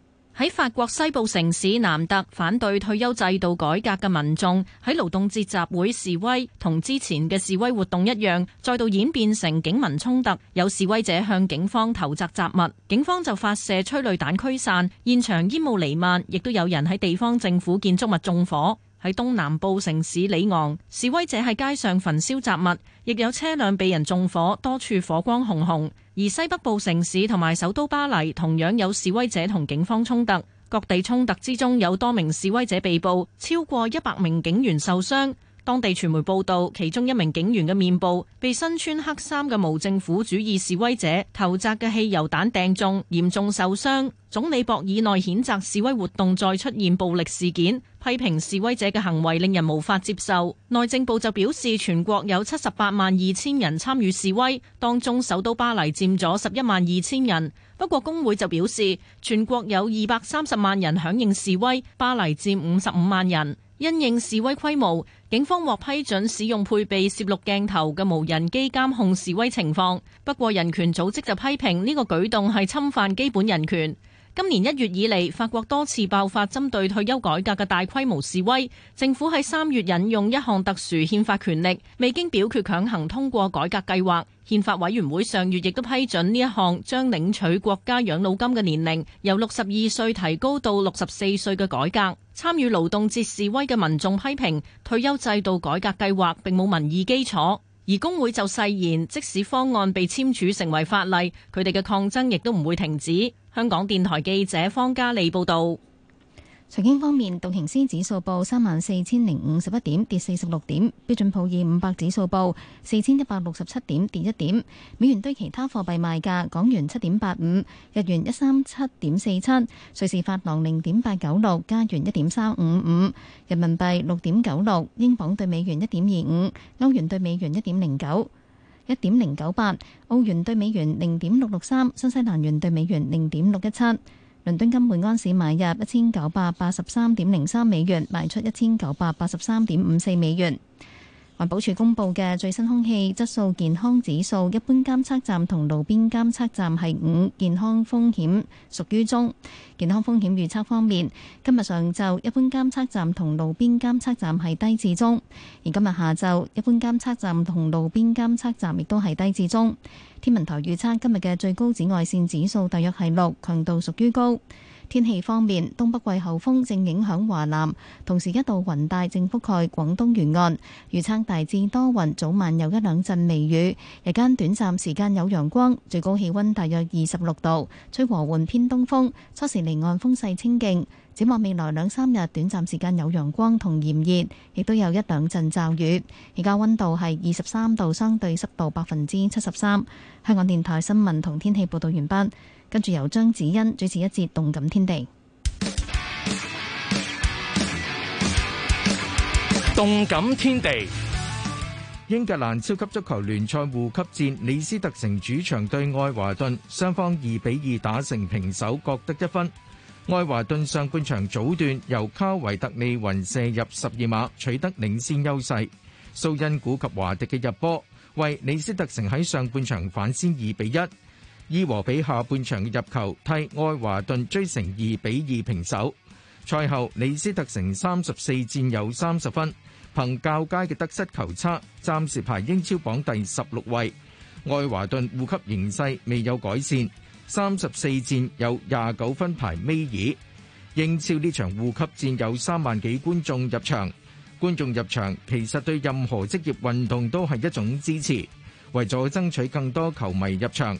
Speaker 5: 喺法國西部城市南特，反對退休制度改革嘅民眾喺勞動節集會示威，同之前嘅示威活動一樣，再度演變成警民衝突，有示威者向警方投擲雜物，警方就發射催淚彈驅散，現場煙霧彌漫，亦都有人喺地方政府建築物縱火。喺東南部城市里昂，示威者喺街上焚燒雜物，亦有車輛被人縱火，多處火光熊熊。而西北部城市同埋首都巴黎，同樣有示威者同警方衝突。各地衝突之中，有多名示威者被捕，超過一百名警員受傷。當地傳媒報導，其中一名警員嘅面部被身穿黑衫嘅無政府主義示威者投擲嘅汽油彈掟中，嚴重受傷。總理博爾內譴責示威活動再出現暴力事件，批評示威者嘅行為令人無法接受。內政部就表示，全國有七十八萬二千人參與示威，當中首都巴黎佔咗十一萬二千人。不過工會就表示，全國有二百三十萬人響應示威，巴黎佔五十五萬人。因應示威規模，警方獲批准使用配備攝錄鏡頭嘅無人機監控示威情況。不過，人權組織就批評呢個舉動係侵犯基本人權。今年一月以嚟，法國多次爆發針對退休改革嘅大規模示威。政府喺三月引用一項特殊憲法權力，未經表決強行通過改革計劃。憲法委員會上月亦都批准呢一項將領取國家養老金嘅年齡，由六十二歲提高到六十四歲嘅改革。參與勞動節示威嘅民眾批評退休制度改革計劃並冇民意基礎。而工會就誓言，即使方案被簽署成為法例，佢哋嘅抗爭亦都唔會停止。香港電台記者方嘉莉報導。
Speaker 11: 財經方面，道瓊斯指數報三萬四千零五十一點，跌四十六點；標準普爾五百指數報四千一百六十七點，跌一點。美元對其他貨幣賣價：港元七點八五，日元一三七點四七，瑞士法郎零點八九六，加元一點三五五，人民幣六點九六，英鎊對美元一點二五，歐元對美元一點零九，一點零九八，澳元對美元零點六六三，新西蘭元對美元零點六一七。倫敦金每安士買入一千九百八十三點零三美元，賣出一千九百八十三點五四美元。環保署公布嘅最新空氣質素健康指數，一般監測站同路邊監測站係五，健康風險屬於中。健康風險預測方面，今日上晝一般監測站同路邊監測站係低至中，而今日下晝一般監測站同路邊監測站亦都係低至中。天文台預測今日嘅最高紫外線指數大約係六，強度屬於高。天氣方面，東北季候風正影響華南，同時一道雲帶正覆蓋廣東沿岸。預測大致多雲，早晚有一兩陣微雨，日間短暫時間有陽光，最高氣溫大約二十六度，吹和緩偏東風，初時離岸風勢清勁，展望未來兩三日，短暫時間有陽光同炎熱，亦都有一兩陣驟雨。而家溫度係二十三度，相對濕度百分之七十三。香港電台新聞同天氣報道完畢。跟住由張子欣主持一節《動感天地》。
Speaker 7: 《動感天地》英格蘭超級足球聯賽護級戰，李斯特城主場對愛華頓，雙方二比二打成平手，各得一分。愛華頓上半場早段由卡維特利雲射入十二碼，取得領先優勢。蘇恩古及華迪嘅入波，為李斯特城喺上半場反先二比一。伊和比下半場入球替愛華頓追成二比二平手。賽後，李斯特城三十四戰有三十分，憑較佳嘅得失球差，暫時排英超榜第十六位。愛華頓護級形勢未有改善，三十四戰有廿九分排尾二。英超呢場護級戰有三萬幾觀眾入場，觀眾入場其實對任何職業運動都係一種支持，為咗爭取更多球迷入場。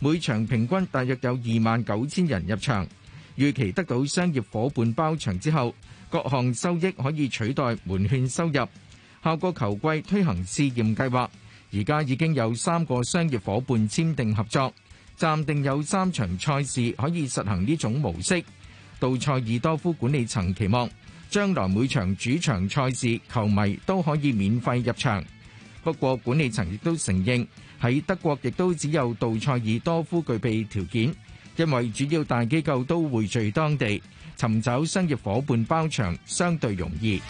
Speaker 7: 每場平均大約有二萬九千人入場，預期得到商業伙伴包場之後，各項收益可以取代門券收入。下個球季推行試驗計劃，而家已經有三個商業伙伴簽訂合作，暫定有三場賽事可以實行呢種模式。杜塞爾多夫管理層期望將來每場主場賽事球迷都可以免費入場。不過管理層亦都承認。喺德國亦都只有杜塞爾多夫具備條件，因為主要大機構都匯聚當地，尋找商業伙伴包場相對容易。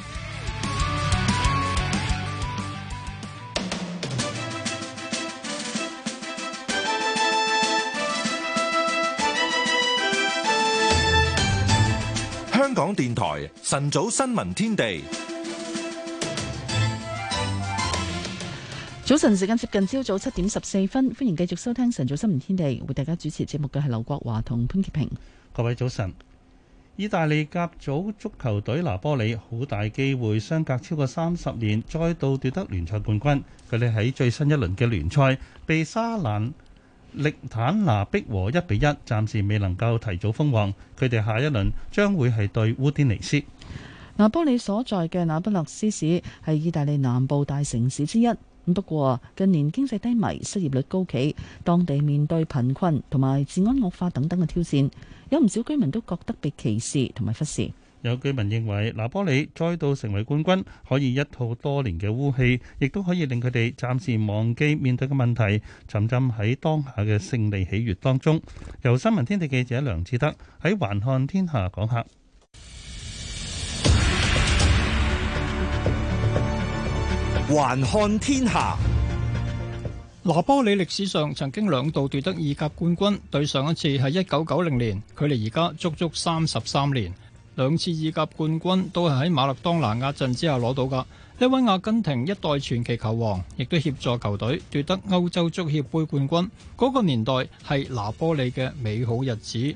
Speaker 1: 香港電台晨早新聞天地。
Speaker 3: 早晨時間接近朝早七點十四分，歡迎繼續收聽晨早新聞天地。為大家主持節目嘅係劉國華同潘潔平。
Speaker 4: 各位早晨！意大利甲組足球隊拿波里好大機會，相隔超過三十年再度奪得聯賽冠軍。佢哋喺最新一輪嘅聯賽被沙蘭力坦拿逼和一比一，暫時未能夠提早封王。佢哋下一輪將會係對烏丁尼斯。
Speaker 3: 拿波里所在嘅那不勒斯市係意大利南部大城市之一。不過近年經濟低迷，失業率高企，當地面對貧困同埋治安惡化等等嘅挑戰，有唔少居民都覺得被歧視同埋忽視。
Speaker 4: 有居民認為，拿波里再度成為冠軍，可以一吐多年嘅污氣，亦都可以令佢哋暫時忘記面對嘅問題，沉浸喺當下嘅勝利喜悅當中。由新聞天地記者梁志德喺環看天下講下。
Speaker 9: 還看天下，拿波里歷史上曾經兩度奪得意甲冠軍，對上一次係一九九零年，距離而家足足三十三年。兩次意甲冠軍都係喺馬勒當拿壓陣之下攞到㗎。呢位阿根廷一代傳奇球王，亦都協助球隊奪得歐洲足協杯冠軍。嗰、那個年代係拿波里嘅美好日子。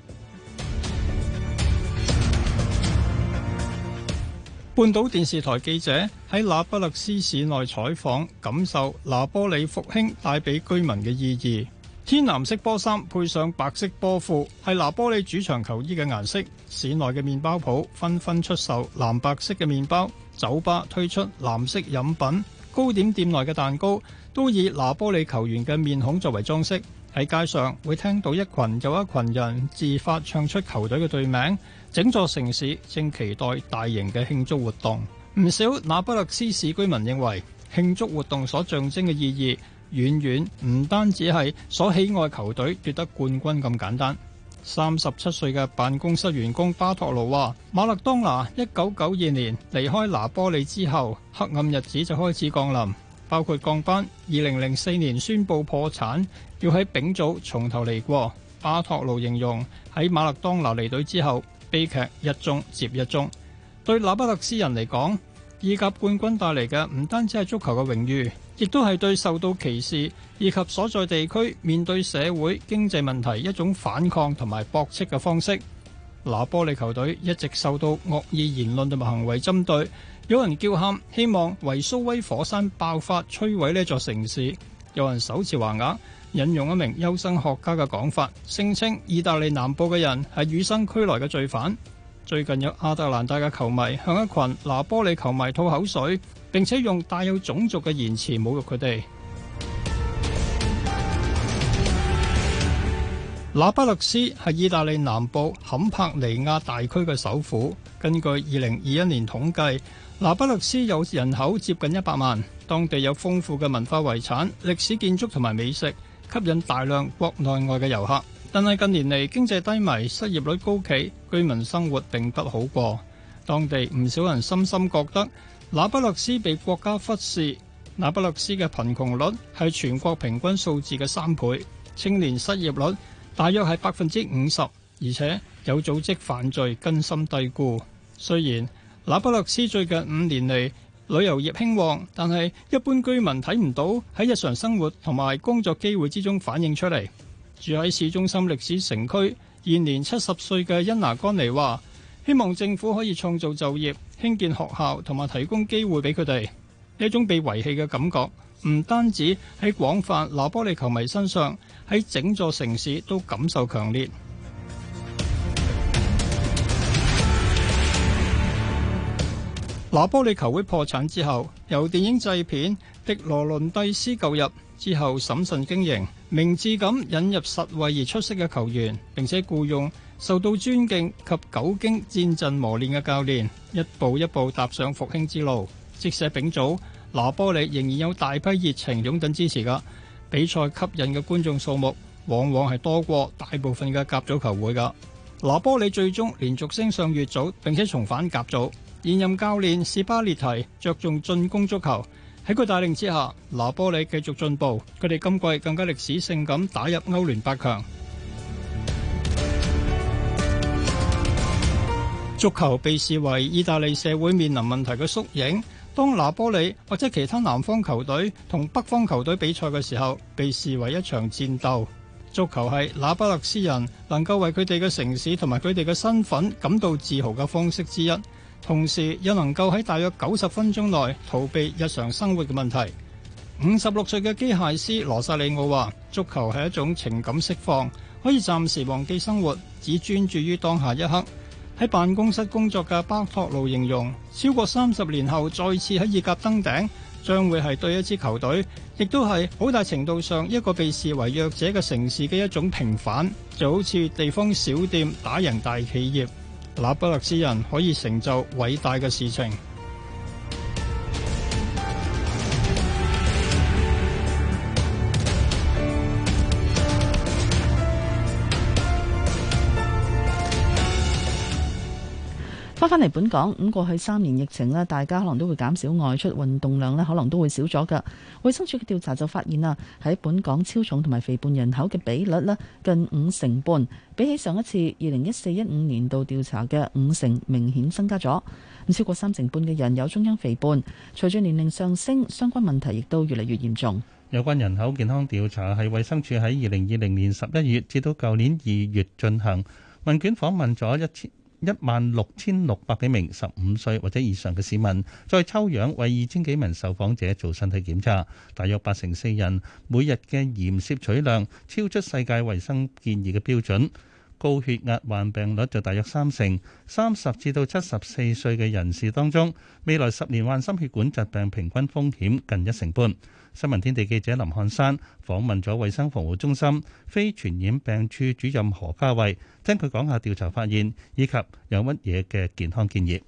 Speaker 9: 半島電視台記者喺那不勒斯市內採訪，感受拿波里復興帶俾居民嘅意義。天藍色波衫配上白色波褲，係拿波里主場球衣嘅顏色。市內嘅麵包鋪紛紛出售藍白色嘅麵包，酒吧推出藍色飲品，糕點店內嘅蛋糕都以拿波里球員嘅面孔作為裝飾。喺街上會聽到一群又一群人自發唱出球隊嘅隊名。整座城市正期待大型嘅慶祝活動，唔少那不勒斯市居民認為慶祝活動所象徵嘅意義遠遠唔單止係所喜愛球隊奪得冠軍咁簡單。三十七歲嘅辦公室員工巴托魯話，馬勒當拿一九九二年離開拿波利之後黑暗日子就開始降臨，包括降班、二零零四年宣布破產要喺丙組從頭嚟過巴托魯形容喺馬勒當拿離隊之後。悲劇一宗接一宗，對拿巴勒斯人嚟講，意甲冠軍帶嚟嘅唔單止係足球嘅榮譽，亦都係對受到歧視以及所在地區面對社會經濟問題一種反抗同埋駁斥嘅方式。拿波利球隊一直受到惡意言論同埋行為針對，有人叫喊希望維蘇威火山爆發摧毀呢座城市，有人手持橫額：，講。引用一名優生學家嘅講法，聲稱意大利南部嘅人係與生俱來嘅罪犯。最近有亞特蘭大嘅球迷向一群拿玻里球迷吐口水，並且用帶有種族嘅言辭侮辱佢哋。 拿巴勒斯係意大利南部坎帕尼亞大區嘅首府。根據二零二一年統計，拿巴勒斯有人口接近一百萬，當地有豐富嘅文化遺產、歷史建築同埋美食。吸引大量國內外嘅遊客，但係近年嚟，經濟低迷，失業率高企，居民生活並不好過，當地唔少人深深覺得那不勒斯被國家忽視，那不勒斯嘅貧窮率係全國平均數字嘅三倍，青年失業率大約係百分之五十，而且有組織犯罪根深蒂固。雖然那不勒斯最近五年嚟旅遊業興旺，但係一般居民睇唔到喺日常生活同埋工作機會之中反映出嚟。住喺市中心歷史城區，現年七十歲嘅恩拿干尼話，希望政府可以創造就業，興建學校，同埋提供機會俾佢哋。呢種被遺棄嘅感覺，唔單止喺廣泛拿波利球迷身上，喺整座城市都感受強烈。拿波利球會破產之後，由電影製片迪羅倫蒂斯購入之後審慎經營，明智咁引入實惠而出色嘅球員，並且僱用受到尊敬及久經戰陣磨練嘅教練，一步一步踏上復興之路。即使丙組，拿波利仍然有大批熱情擁躉支持噶。比賽吸引嘅觀眾數目往往係多過大部分嘅甲組球會噶。拿波利最終連續升上乙組，並且重返甲組。現任教練史巴列提着重進攻足球，喺佢帶領之下，拿波里繼續進步。佢哋今季更加歷史性咁打入歐聯八強。 足球被視為意大利社會面臨問題嘅縮影。當拿波里或者其他南方球隊同北方球隊比賽嘅時候，被視為一場戰鬥。足球係拿巴勒斯人能夠為佢哋嘅城市同埋佢哋嘅身份感到自豪嘅方式之一。同時又能夠喺大約九十分鐘內逃避日常生活嘅問題。五十六歲嘅機械師羅薩里奧話足球係一種情感釋放，可以暫時忘記生活，只專注於當下一刻。喺辦公室工作嘅巴托路形容：超過三十年後再次喺意甲登頂將會係對一支球隊，亦都係好大程度上一個被視為弱者嘅城市嘅一種平反，就好似地方小店打贏大企業。那不勒斯人可以成就偉大嘅事情。
Speaker 3: 翻返嚟本港，咁過去三年疫情咧，大家可能都會減少外出運動量咧，可能都會少咗噶。衛生署嘅調查就發現啊，喺本港超重同埋肥胖人口嘅比率咧，近五成半，比起上一次二零一四一五年度調查嘅五成，明顯增加咗。唔超過三成半嘅人有中央肥胖，隨住年齡上升，相關問題亦都越嚟越嚴重。
Speaker 4: 有關人口健康調查係衛生署喺二零二零年十一月至到舊年二月進行問卷訪問咗一千。一萬六千六百幾名十五歲或者以上嘅市民，再抽樣為二千幾名受訪者做身體檢查，大約八成四人每日嘅鹽攝取量超出世界衞生建議嘅標準，高血壓患病率就大約三成，三十至到七十四歲嘅人士當中，未來十年患心血管疾病平均風險近一成半。新聞天地記者林漢山訪問咗衛生防護中心非傳染病處主任何嘉慧，聽佢講下調查發現以及有乜嘢嘅健康建議。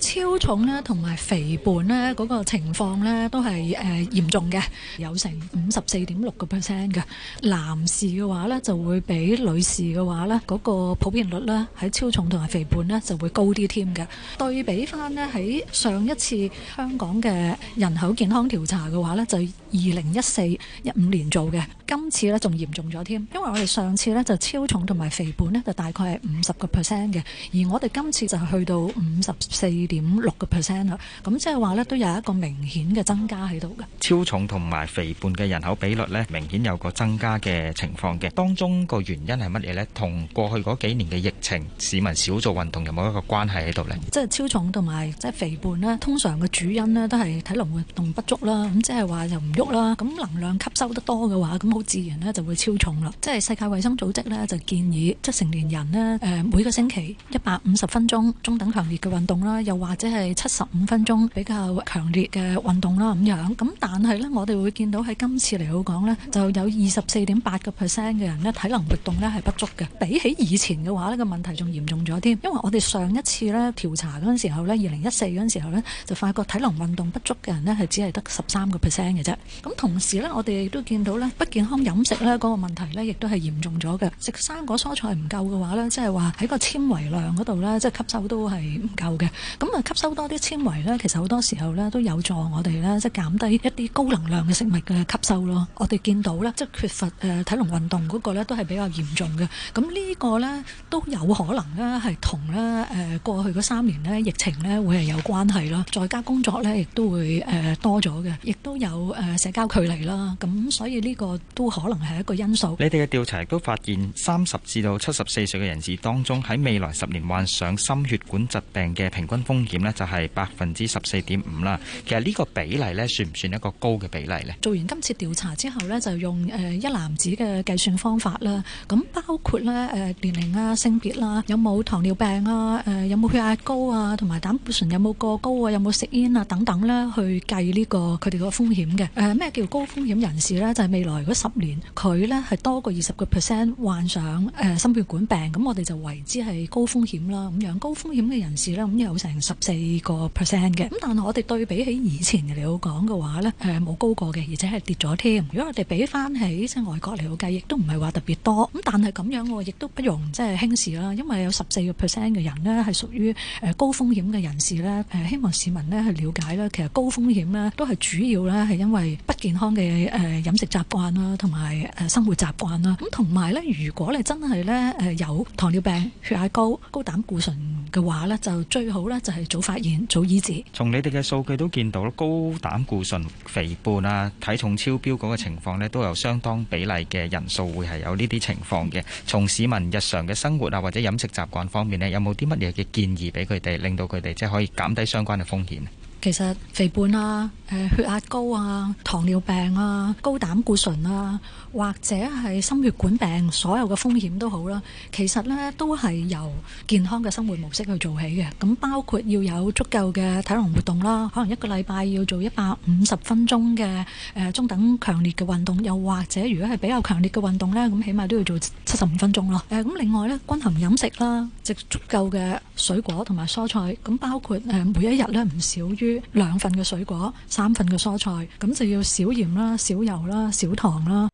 Speaker 10: 超重呢同埋肥胖呢嗰個情況呢都係誒，嚴重嘅，有成五十四點六個 percent 嘅。男士嘅話呢就會比女士嘅話呢嗰個普遍率呢喺超重同埋肥胖呢就會高啲添嘅。對比返呢喺上一次香港嘅人口健康調查嘅話呢，就係二零一四一五年做嘅，今次呢仲嚴重咗添，因為我哋上次呢就超重同埋肥胖呢就大概係五十個 percent 嘅，而我哋今次就係去到五十四點六個 percent 啊，咁即係話呢，都有一個明顯嘅增加喺度嘅。
Speaker 13: 超重同埋肥胖嘅人口比率呢，明顯有個增加嘅情況嘅。當中個原因係乜嘢呢？同過去嗰幾年嘅疫情，市民少做運動有冇一個關係喺度呢？
Speaker 10: 即係超重同埋即係肥胖呢，通常嘅主因呢都係體能活動不足啦。咁即係話又唔喐啦，咁能量吸收得多嘅話，咁好自然呢就會超重啦。即係世界衞生組織呢，就建議，即係成年人呢，誒每個星期一百五十分鐘中等強烈嘅運動啦，有，或者係七十五分鐘比較強烈嘅運動啦，咁樣咁，但係呢，我哋會見到喺今次嚟到講呢，就有二十四點八個 percent 嘅人呢，體能活動呢係不足嘅。比起以前嘅話呢個問題仲嚴重咗添，因為我哋上一次呢調查嗰陣時候呢，二零一四嗰陣時候呢，就發覺體能運動不足嘅人呢係只係得十三個 percent 嘅啫。咁同時呢，我哋亦都見到呢不健康飲食呢嗰個問題呢，亦都係嚴重咗嘅。食生果蔬菜唔夠嘅話呢，即係話喺個纖維量嗰度呢，即係吸收都係唔夠嘅。咁咁啊，吸收多啲纖維咧，其實好多時候咧都有助我哋咧，即係減低一啲高能量嘅食物嘅吸收咯。我哋見到咧，即係缺乏誒，體能運動嗰個咧都係比較嚴重嘅。咁呢個咧都有可能咧係同咧誒過去嗰三年咧疫情咧會係有關係咯。再加工作咧亦都會誒多咗嘅，亦都有誒社交距離啦。咁所以呢個都可能係一個因素。
Speaker 13: 你哋嘅調查亦都發現，三十至到七十四歲嘅人士當中，喺未來十年患上心血管疾病嘅平均，風險呢就係百分之十四點五啦。其實呢個比例呢，算唔算一個高嘅比例呢？
Speaker 10: 做完今次調查之後呢，就用誒一男子嘅計算方法啦。咁包括咧誒年齡啊、性別啦、有冇糖尿病啊、誒有冇血壓高啊、同埋膽固醇有冇過高啊、有冇食煙啊等等呢，去計呢、這個佢哋個風險嘅。誒咩叫高風險人士呢？就係、是、未來嗰十年佢呢係多過二十個 percent 患上誒心血管病，咁我哋就為之係高風險啦。咁樣高風險嘅人士呢，咁有成。十四個 percent 嘅，咁但係我哋對比起以前嚟講嘅話咧，誒、呃、冇高過嘅，而且係跌咗添。如果我哋比翻起即係外國嚟講，亦都唔係話特別多。咁但係咁樣我亦都不容即係輕視啦，因為有十四個 percent 嘅人咧係屬於誒高風險嘅人士咧。誒希望市民咧去了解咧，其實高風險咧都係主要咧係因為不健康嘅誒飲食習慣啦，同埋誒生活習慣啦。咁同埋咧，如果你真係咧誒有糖尿病、血壓高、高膽固醇嘅話咧，就最好咧。就係早發現、早醫治。
Speaker 13: 從你哋嘅數據都見到啦，高膽固醇、肥胖啊、體重超標嗰個情況咧，都有相當比例嘅人數會係有呢啲情況嘅。從市民日常嘅生活啊，或者飲食習慣方面咧，有冇啲乜嘢嘅建議俾佢哋，令到佢哋即係可以減低相關嘅風險？
Speaker 10: 其實肥胖啊、誒血壓高啊、糖尿病啊、高膽固醇啊，或者係心血管病，所有嘅風險都好啦。其實咧，都係由健康嘅生活模式去做起嘅。咁包括要有足夠嘅體能活動啦，可能一個禮拜要做一百五十分鐘嘅誒中等強烈嘅運動，又或者如果係比較強烈嘅運動咧，咁起碼都要做七十五分鐘咯。誒咁另外咧，均衡飲食啦，食足夠嘅水果同埋蔬菜。咁包括誒每一日咧唔少於兩份嘅水果，三份嘅蔬菜，咁就要少鹽啦，少油啦，少糖啦。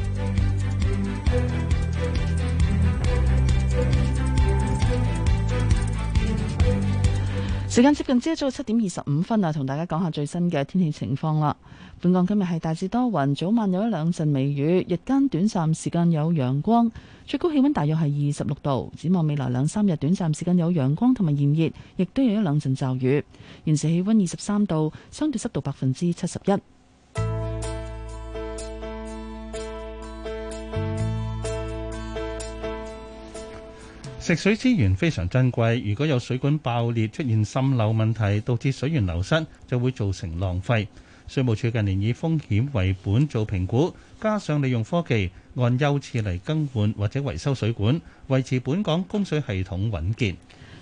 Speaker 3: 時間接近朝早七點二十五分啊，同大家講下最新嘅天氣情況啦。本港今日係大致多雲，早晚有一兩陣微雨，日間短暫時間有陽光，最高氣溫大約係二十六度。展望未來兩三日，短暫時間有陽光同埋炎熱，亦都有一兩陣驟雨。現時氣溫二十三度，相對濕度百分之七十一。食水
Speaker 4: 資源非常珍貴，如果有水管爆裂出現滲漏問題，導致水源流失，就會造成浪費。水務署近年以風險為本做評估，加上利用科技按優次嚟更換或者維修水管，維持本港供水系統穩健。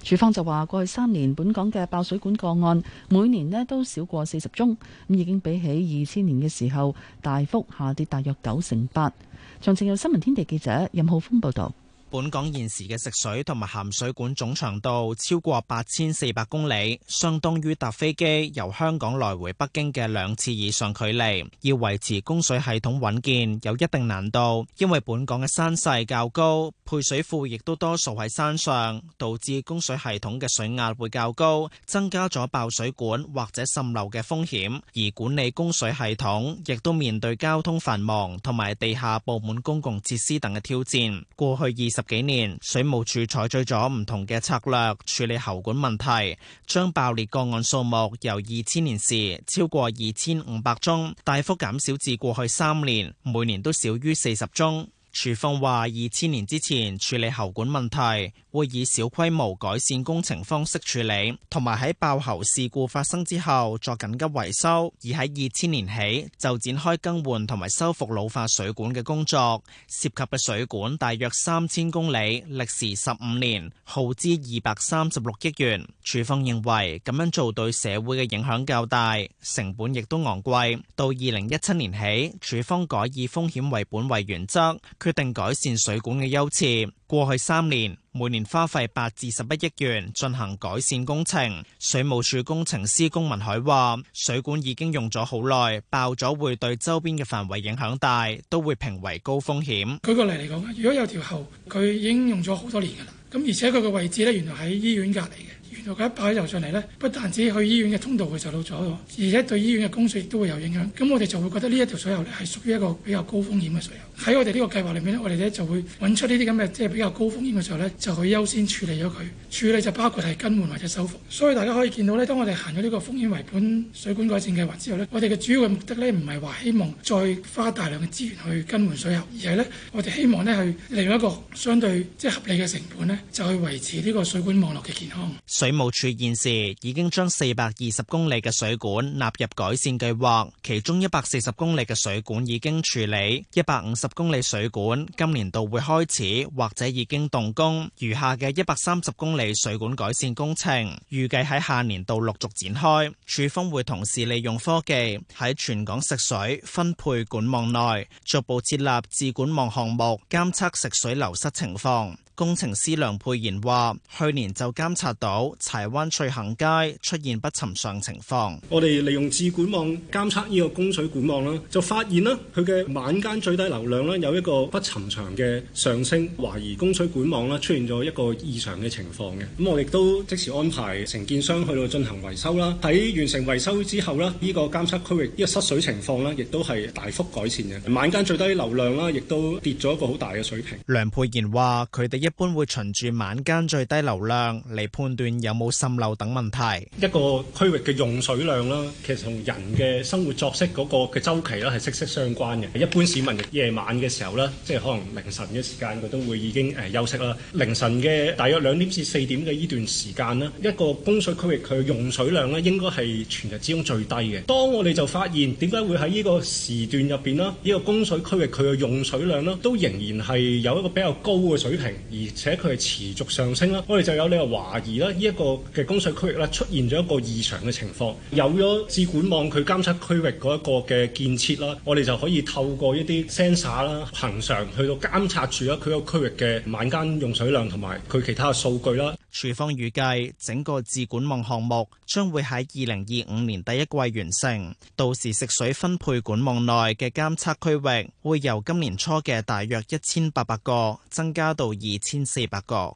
Speaker 3: 署方就話，過去三年本港嘅爆水管個案，每年咧都少過四十宗，咁已經比起二千年嘅時候大幅下跌，大約九成八。詳情由新聞天地記者任浩峯報道。
Speaker 8: 本港現時嘅食水同埋鹹水管總長度超過八千四百公里，相當於搭飛機由香港來回北京嘅兩次以上距離。要維持供水系統穩健，有一定難度，因為本港嘅山勢較高，配水庫亦都多數喺山上，導致供水系統嘅水壓會較高，增加咗爆水管或者滲漏嘅風險。而管理供水系統，亦都面對交通繁忙同埋地下佈滿公共設施等嘅挑戰。過去二十幾年，水務署採取咗唔同嘅策略處理喉管問題，將爆裂個案數目由二千年時超過二千五百宗大幅減少至過去三年，每年都少於四十宗。處方話：二千年之前處理喉管問題，會以小規模改善工程方式處理，同埋喺爆喉事故發生之後作緊急維修；而喺二千年起就展開更換同埋修復老化水管嘅工作，涉及嘅水管大約三千公里，歷時十五年，耗資二百三十六億元。處方認為咁樣做對社會嘅影響較大，成本亦都昂貴。到二零一七年起，處方改以風險為本為原則。決定改善水管嘅優次。過去三年，每年花費八至十一億元進行改善工程。水務署工程師龔文海話：水管已經用咗好耐，爆咗會對周邊嘅範圍影響大，都會評為高風險。
Speaker 7: 舉個例嚟講，如果有條喉，佢已經用咗好多年噶啦，咁而且佢嘅位置咧，原來喺醫院隔籬嘅。原來佢一擺油上嚟呢，不但止去醫院嘅通道會受到阻礙，而且對醫院嘅供水亦都會有影響。咁我哋就會覺得呢一條水喉呢係屬於一個比較高風險嘅水喉。喺我哋呢個計劃裏面呢，我哋呢就會揾出呢啲咁嘅即係比較高風險嘅水喉呢，就去優先處理咗佢。處理就包括係更換或者修復。所以大家可以見到呢，當我哋行咗呢個風險為本水管改善計劃之後呢，我哋嘅主要嘅目的呢唔係話希望再花大量嘅資源去更換水喉，而係呢，我哋希望呢去利用一個相對即係合理嘅成本呢，就去維持呢個水管網絡嘅健康。
Speaker 8: 水務署現時已經將四百二十公里嘅水管納入改善計劃，其中一百四十公里嘅水管已經處理。一百五十公里水管今年度會開始或者已經動工，餘下嘅一百三十公里水管改善工程預計喺下年度陸續展開。署方會同時利用科技喺全港食水分配管網內逐步設立智管網項目，監測食水流失情況。工程師梁佩賢話：去年就監察到柴灣翠行街出現不尋常情況。
Speaker 16: 我哋利用智管網監測呢個供水管網啦，就發現啦，佢嘅晚間最低流量啦，有一個不尋常嘅上升，懷疑供水管網啦出現咗一個異常嘅情況嘅。咁我亦都即時安排承建商去到進行維修啦。喺完成維修之後啦，呢，呢個監測區域呢個失水情況啦，亦都係大幅改善嘅。晚間最低流量啦，亦都跌咗一個好大嘅水平。
Speaker 8: 梁佩賢話：佢哋。一般會循住晚間最低流量嚟判斷有冇滲漏等問題。一個區域嘅用水量
Speaker 16: 啦，其實同人嘅生活作息嗰個嘅週期啦係息息相關嘅。一般市民夜晚嘅時候呢，即係可能凌晨嘅時間佢都會已經誒休息啦。凌晨嘅大約兩點至四點嘅呢段時間啦，一個供水區域佢嘅用水量咧應該係全日之中最低嘅。當我哋就發現點解會喺呢個時段入邊啦，呢個供水區域佢嘅用水量啦都仍然係有一個比較高嘅水平。而且佢係持續上升啦，我哋就有理由懷疑啦，呢一個嘅供水區域啦出現咗一個異常嘅情況，有咗智管網佢監測區域嗰一個嘅建設啦，我哋就可以透過一啲 sensor 啦，平常去到監測住啦佢個區域嘅晚間用水量同埋佢其他嘅數
Speaker 8: 據啦。署方預計整個智管網項目將會喺二零二五年第一季完成，到時食水分配管網內嘅監測區域會由今年初嘅大約一千八百個增加到二千四百個。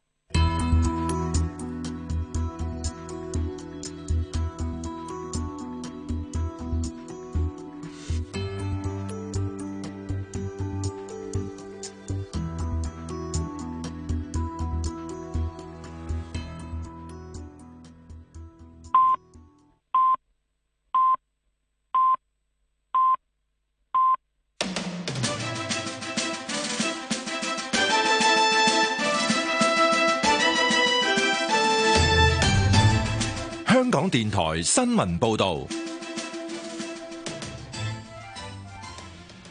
Speaker 7: 電台新聞報道，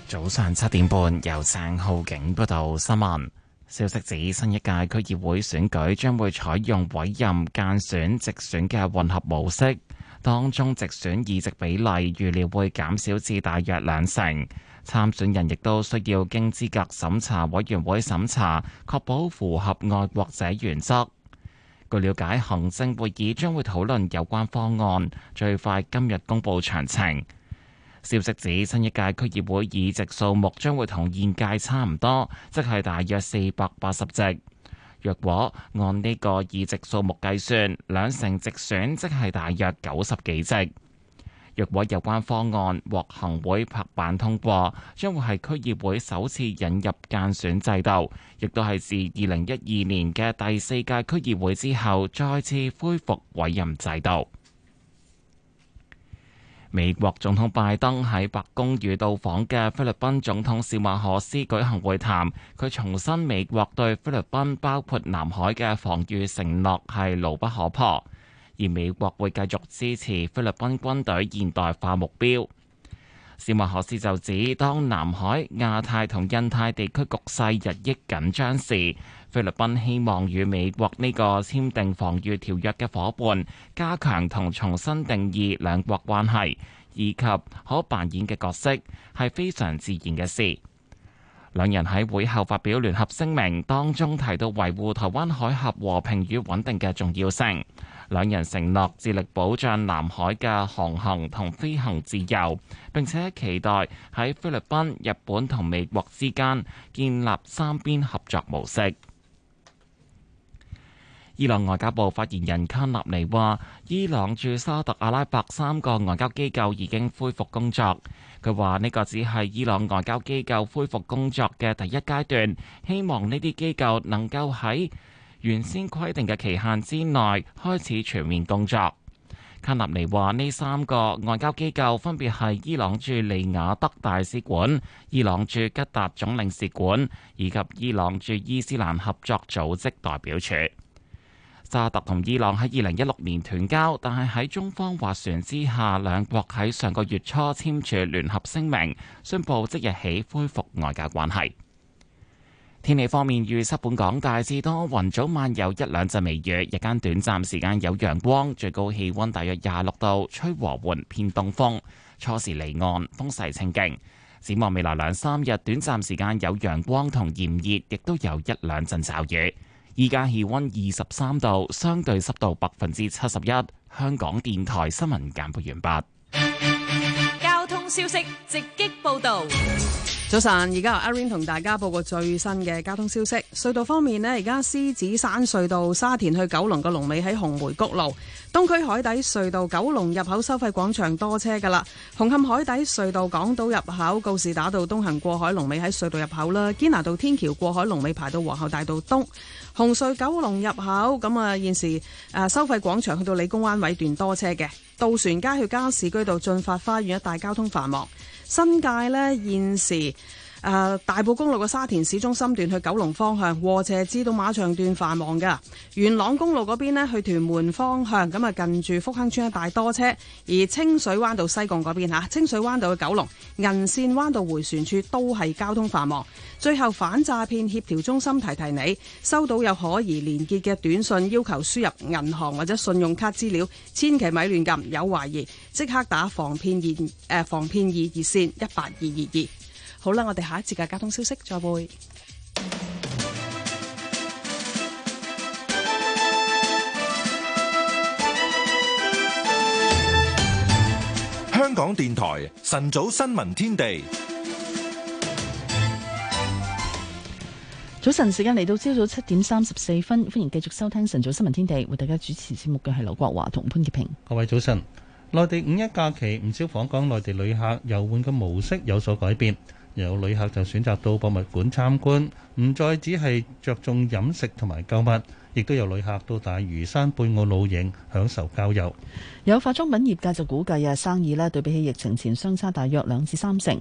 Speaker 7: 早
Speaker 2: 上七點半由鄭浩景報道新聞。消息指，新一屆區議會選舉將會採用委任、間選、直選嘅混合模式，當中直選議席比例預料會減少至大約兩成。參選人亦都需要經資格審查委員會審查，確保符合愛國者原則。據了解，行政會議將會討論有關方案，最快今日公布詳情。消息指，新一屆區議會議席數目將會同現屆差唔多，即係大約四百八十席。若果按呢個議席數目計算，兩成直選即係大約九十幾席。若果有關方案獲行會拍板通過，將會係區議會首次引入間選制度，亦都係自二零一二年嘅第四屆區議會之後，再次恢復委任制度。 美國總統拜登喺白宮與到訪嘅菲律賓總統小馬可斯舉行會談，佢重申美國對菲律賓包括南海嘅防禦承諾係牢不可破。而美國會繼續支持菲律賓軍隊現代化目標。小馬可斯就指，當南海、亞太同印太地區局勢日益緊張時，菲律賓希望與美國呢個簽訂防禦條約嘅伙伴加強同重新定義兩國關係，以及可扮演嘅角色，係非常自然嘅事。兩人喺會後發表聯合聲明，當中提到維護台灣海峽和平與穩定嘅重要性。兩人承諾致力保障南海嘅航行同飛行自由，並且期待喺菲律賓、日本同美國之間建立三邊合作模式。伊朗外交部發言人卡納尼話伊朗駐沙特阿拉伯三個外交機構已經恢復工作。佢話呢個只係伊朗外交機構恢復工作嘅第一階段，希望呢啲機構能夠喺原先規定嘅期限之內開始全面工作。卡納尼話呢三個外交機構分別係伊朗駐利雅德大使館，伊朗駐吉達總領事館，以及伊朗駐伊斯蘭合作組織代表處。沙特同伊朗喺二零一六年斷交，但係喺中方斡旋之下，兩國喺上個月初簽署聯合聲明，宣布即日起恢復外交關係。天氣方面預測本港大致多雲，雲早晚有一兩陣微雨，日間短暫時間有陽光，最高氣温大約廿六度，吹和緩偏東風，初時離岸風勢清勁。展望未來兩三日，短暫時間有陽光同炎熱，亦都有一兩陣驟雨。依家氣溫二十三度，相對濕度百分之七十一。香港電台新聞簡報完畢。
Speaker 10: 交通消息直擊報道。
Speaker 12: 早晨，而家阿 Aaron 同大家報個最新嘅交通消息。隧道方面呢，而家獅子山隧道沙田去九龍嘅龍尾喺紅梅谷路，東區海底隧道九龍入口收費廣場多車噶啦。紅磡海底隧道港島入口告士打道東行過海龍尾喺隧道入口啦。堅拿道天橋過海龍尾排到皇后大道東。紅隧九龍入口咁啊，現時誒收費廣場去到理工灣位段多車嘅。渡船街去加士居道駿發花園一帶交通繁忙。新界咧，現時。誒、uh，大埔公路嘅沙田市中心段去九龍方向，和斜知道馬場段繁忙嘅元朗公路嗰邊呢，去屯門方向，咁啊，近住福亨村一帶多車，而清水灣到西貢嗰邊清水灣道嘅九龍銀線灣道回旋處都係交通繁忙。最後反詐騙協調中心提提你，收到有可疑連結嘅短信，要求輸入銀行或者信用卡資料，千祈咪亂撳，有懷疑即刻打防騙熱、誒、防騙易熱線一八二二二。好啦，我哋下一節嘅交通消息再會。
Speaker 1: 香港電台晨早新聞天地，
Speaker 3: 早晨時間嚟到朝早七點三十四分，歡迎繼續收聽晨早新聞天地，為大家主持節目嘅係劉國華同潘潔平。
Speaker 4: 各位早晨。內地五一假期，唔少訪港內地旅客遊玩嘅模式有所改變，有旅客就選擇到博物館參觀，唔再只係着重飲食同埋購物，亦都有旅客到大嶼山貝澳露營享受郊遊。
Speaker 3: 有化妝品業界就估計啊，生意呢，對比起疫情前相差大約兩至三成，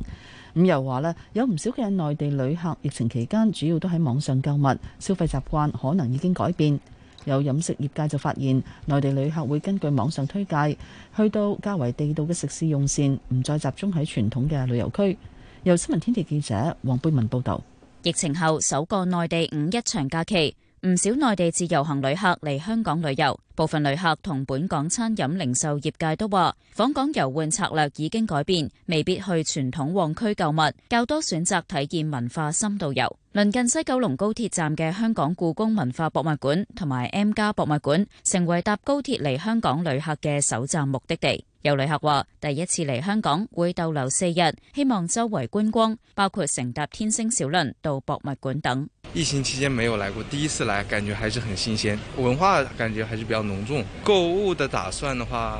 Speaker 3: 咁又話呢，有唔少嘅內地旅客疫情期間主要都喺網上購物，消費習慣可能已經改變。有飲食業界就發現，內地旅客會根據網上推介，去到較為地道嘅食肆用膳，唔再集中喺傳統嘅旅遊區。由新聞天地記者黃貝文報導，
Speaker 17: 疫情後首個內地五一長假期。唔少內地自由行旅客嚟香港旅遊，部分旅客同本港餐飲零售業界都話，訪港遊玩策略已經改變，未必去傳統旺區購物，較多選擇體驗文化深度遊。鄰近西九龍高鐵站嘅香港故宮文化博物館同埋 M+ 博物館，成為搭高鐵嚟香港旅客嘅首站目的地。有旅客話：第一次嚟香港會逗留四日，希望周圍觀光，包括乘搭天星小
Speaker 7: 輪到博物館等。疫情期間沒有來過，第一次來感覺還是很新鮮，文化感覺還是比較濃重。購物的打算的話，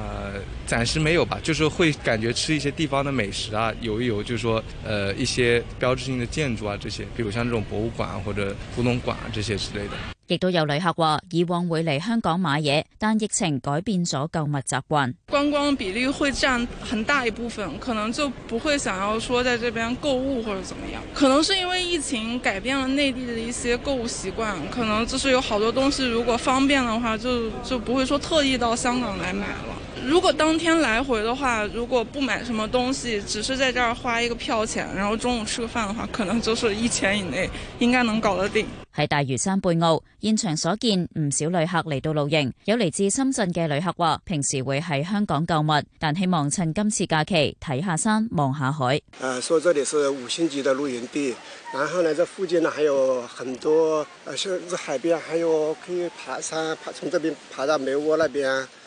Speaker 7: 暫時沒有吧，就是會感覺吃一些地方的美食啊，遊一遊，就是說，呃，一些標誌性的建築啊，這些，比如像這種博物館或者古董館啊，這些之類的。
Speaker 17: 亦都有旅客話，以往會嚟香港買嘢，但疫情改變咗購物習慣。
Speaker 12: 觀光比例會占很大一部分，可能就不會想要說在這邊購物或者怎麼樣。可能是因為疫情改變了內地的一些購物習慣，可能就是有好多東西如果方便的話，就就不會說特意到香港來買了。如果當天來回的話，如果不買什麼東西，只是在這兒花一個票錢，然後中午吃個飯的話，可能就是
Speaker 17: 一千以內應該能搞得定。喺大嶼山貝澳現場所見，唔少旅客嚟到露營。有嚟自深圳嘅旅客話，平時會喺香港購物，但希望趁今次假期睇下山，望下海。
Speaker 14: 呃、啊，所以這裏是五星級的露營地，然後呢，這附近呢還有很多呃，是、啊、海邊，還有可以爬山，爬從這邊爬到梅窩那邊。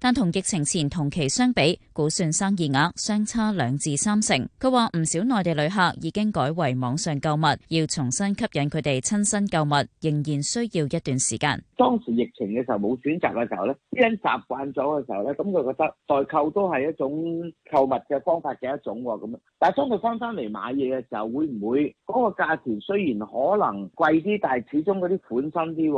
Speaker 17: 但同疫情前同期相比，估算生意額相差兩至三成。佢話唔少內地旅客已經改為網上購物，要重新吸引佢哋親身購物，仍然需要一段時間。當
Speaker 6: 時疫情嘅時候冇選擇嘅時候咧，啲人習慣咗嘅時候咧，咁佢覺得代購都係一種購物嘅方法嘅一種。咁樣。但係當佢翻翻嚟買嘢嘅時候，會唔會嗰個價錢雖然可能貴啲，但係始終嗰啲款新啲。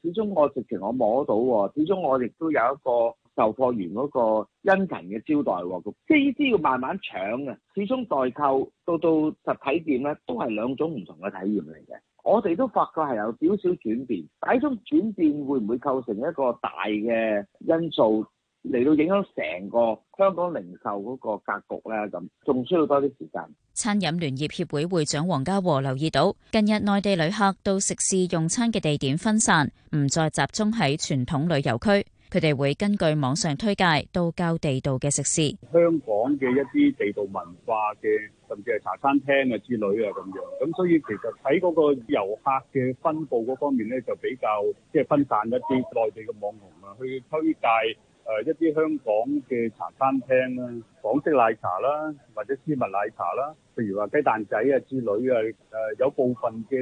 Speaker 6: 始終我直情我摸到，始終我亦都有一個。售貨員嗰個殷勤嘅招待，即係呢啲要慢慢搶嘅。始終代購到到實體店咧，都係兩種唔同嘅體驗嚟嘅。我哋都發覺係有少少轉變，但呢種轉變會唔會構成一個大嘅因素嚟到影響成個香港零售嗰個格局咧？咁仲需要多啲時間。
Speaker 17: 餐飲聯業協會會長黃家和留意到，近日內地旅客到食肆用餐嘅地點分散，唔再集中喺傳統旅遊區。佢哋會根據網上推介到較地道嘅食肆，
Speaker 1: 香港嘅一啲地道文化嘅，甚至係茶餐廳啊之類啊咁樣。咁所以其實喺嗰個遊客嘅分佈嗰方面咧，就比較即係、就是、分散一啲內地嘅網紅啊去推介。誒一啲香港嘅茶餐廳啦，港式奶茶啦，或者絲襪奶茶啦，譬如話雞蛋仔啊之類啊，誒有部分嘅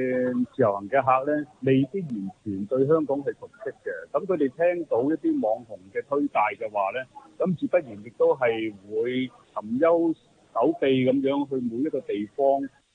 Speaker 1: 自由行嘅客咧，未必完全對香港係熟悉嘅，咁佢哋聽到一啲網紅嘅推介嘅話咧，咁自不然亦都係會尋幽搜秘咁樣去每一個地方。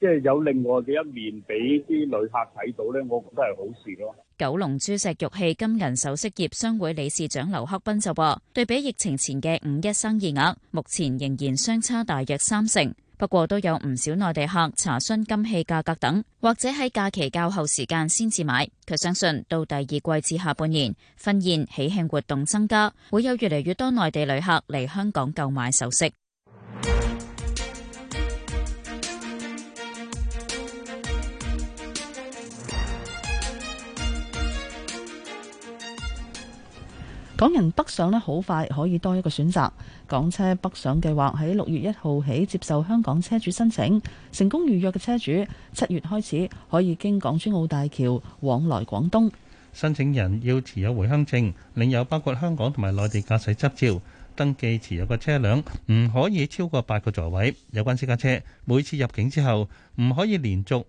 Speaker 1: 即係有另外嘅一面俾啲旅客睇到呢，我覺得係好事
Speaker 17: 咯。九龍珠石玉器金銀首飾業商會理事長劉克斌就話，對比疫情前嘅五一生意額，目前仍然相差大約三成。不過都有唔少內地客查詢金器價格等，或者喺假期較後時間先至買。佢相信到第二季至下半年，婚宴喜慶活動增加，會有越嚟越多內地旅客嚟香港購買首飾。
Speaker 3: 港人北上呢好快可以多一個選擇，港車北上計劃喺六月一號起接受香港車主申請，成功預約嘅車主，七月開始可以經港珠澳大橋往來廣東，申請人要持
Speaker 4: 有回鄉證領有包括香港同埋內地駕駛執照，登記持有嘅車輛唔可以超過八個座位。有關私家車每次入境之後唔可以連續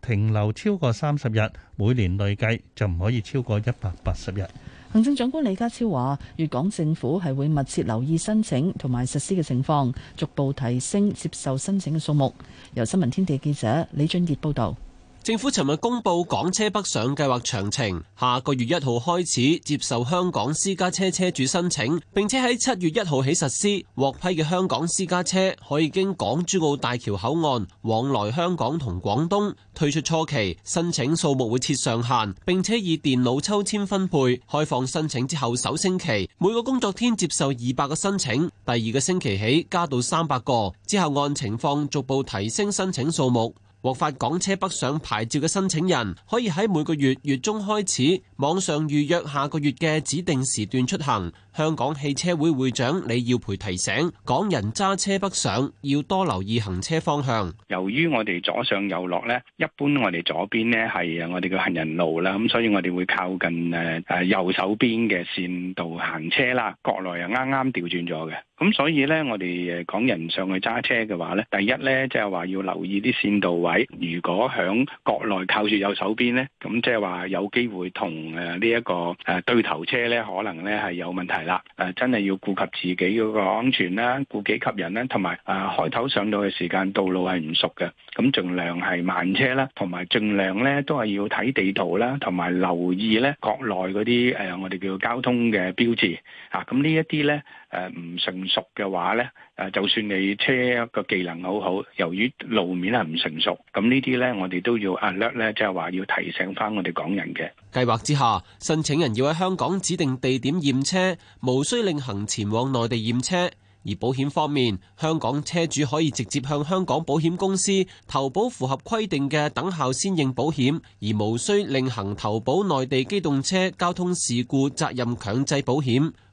Speaker 4: 停留超過三十日，每年累計就唔可以超過一百八十
Speaker 3: 日。行政長官李家超話，粵港政府係會密切留意申請同埋實施嘅情況，逐步提升接受申請嘅數目。由新聞天地記者李俊傑報導。
Speaker 14: 政府尋日公布港車北上計劃詳情，下個月一號開始接受香港私家車車主申請，並且喺七月一號起實施。獲批嘅香港私家車可以經港珠澳大橋口岸往來香港同廣東。推出初期申請數目會設上限，並且以電腦抽籤分配。開放申請之後首星期每個工作天接受二百個申請，第二個星期起加到三百個，之後按情況逐步提升申請數目。獲發港車北上牌照嘅申請人，可以喺每個月月中開始，網上預約下個月嘅指定時段出行。香港汽車會會長,李耀培提醒,港人揸車北上,要多留意行車方向。
Speaker 15: 由於我哋左上右落呢,一般我哋左邊呢,係我哋嘅行人路啦,咁所以我哋會靠近右手邊嘅線道行車啦,國內又啱啱調轉咗嘅。咁所以呢,我哋港人上去揸車嘅話呢,第一呢,即係話要留意啲線道位,如果響國內靠住右手邊呢,咁即係話有機會同呢一個對頭車呢,可能呢係有問題。啦，誒、啊，真係要顧及自己嗰個安全啦，顧己及，及人啦，同埋誒，開、啊、頭上到嘅時間，道路係唔熟嘅，咁盡量係慢車啦，同埋盡量咧都係要睇地圖啦，同埋留意咧國內嗰啲誒，我哋叫交通嘅標誌，吓、啊，咁呢一啲咧。誒唔成熟嘅話呢，誒就算你車個技能好好，由於路面係唔成熟，咁呢啲呢，我哋都要 alert 呢，即係話要提醒翻我哋港人嘅
Speaker 14: 計劃之下，申請人要喺香港指定地點驗車，無需另行前往內地驗車。而保險方面，香港車主可以直接向香港保險公司投保符合規定嘅等效先認保險，而無需另行投保內地機動車交通事故責任強制保險。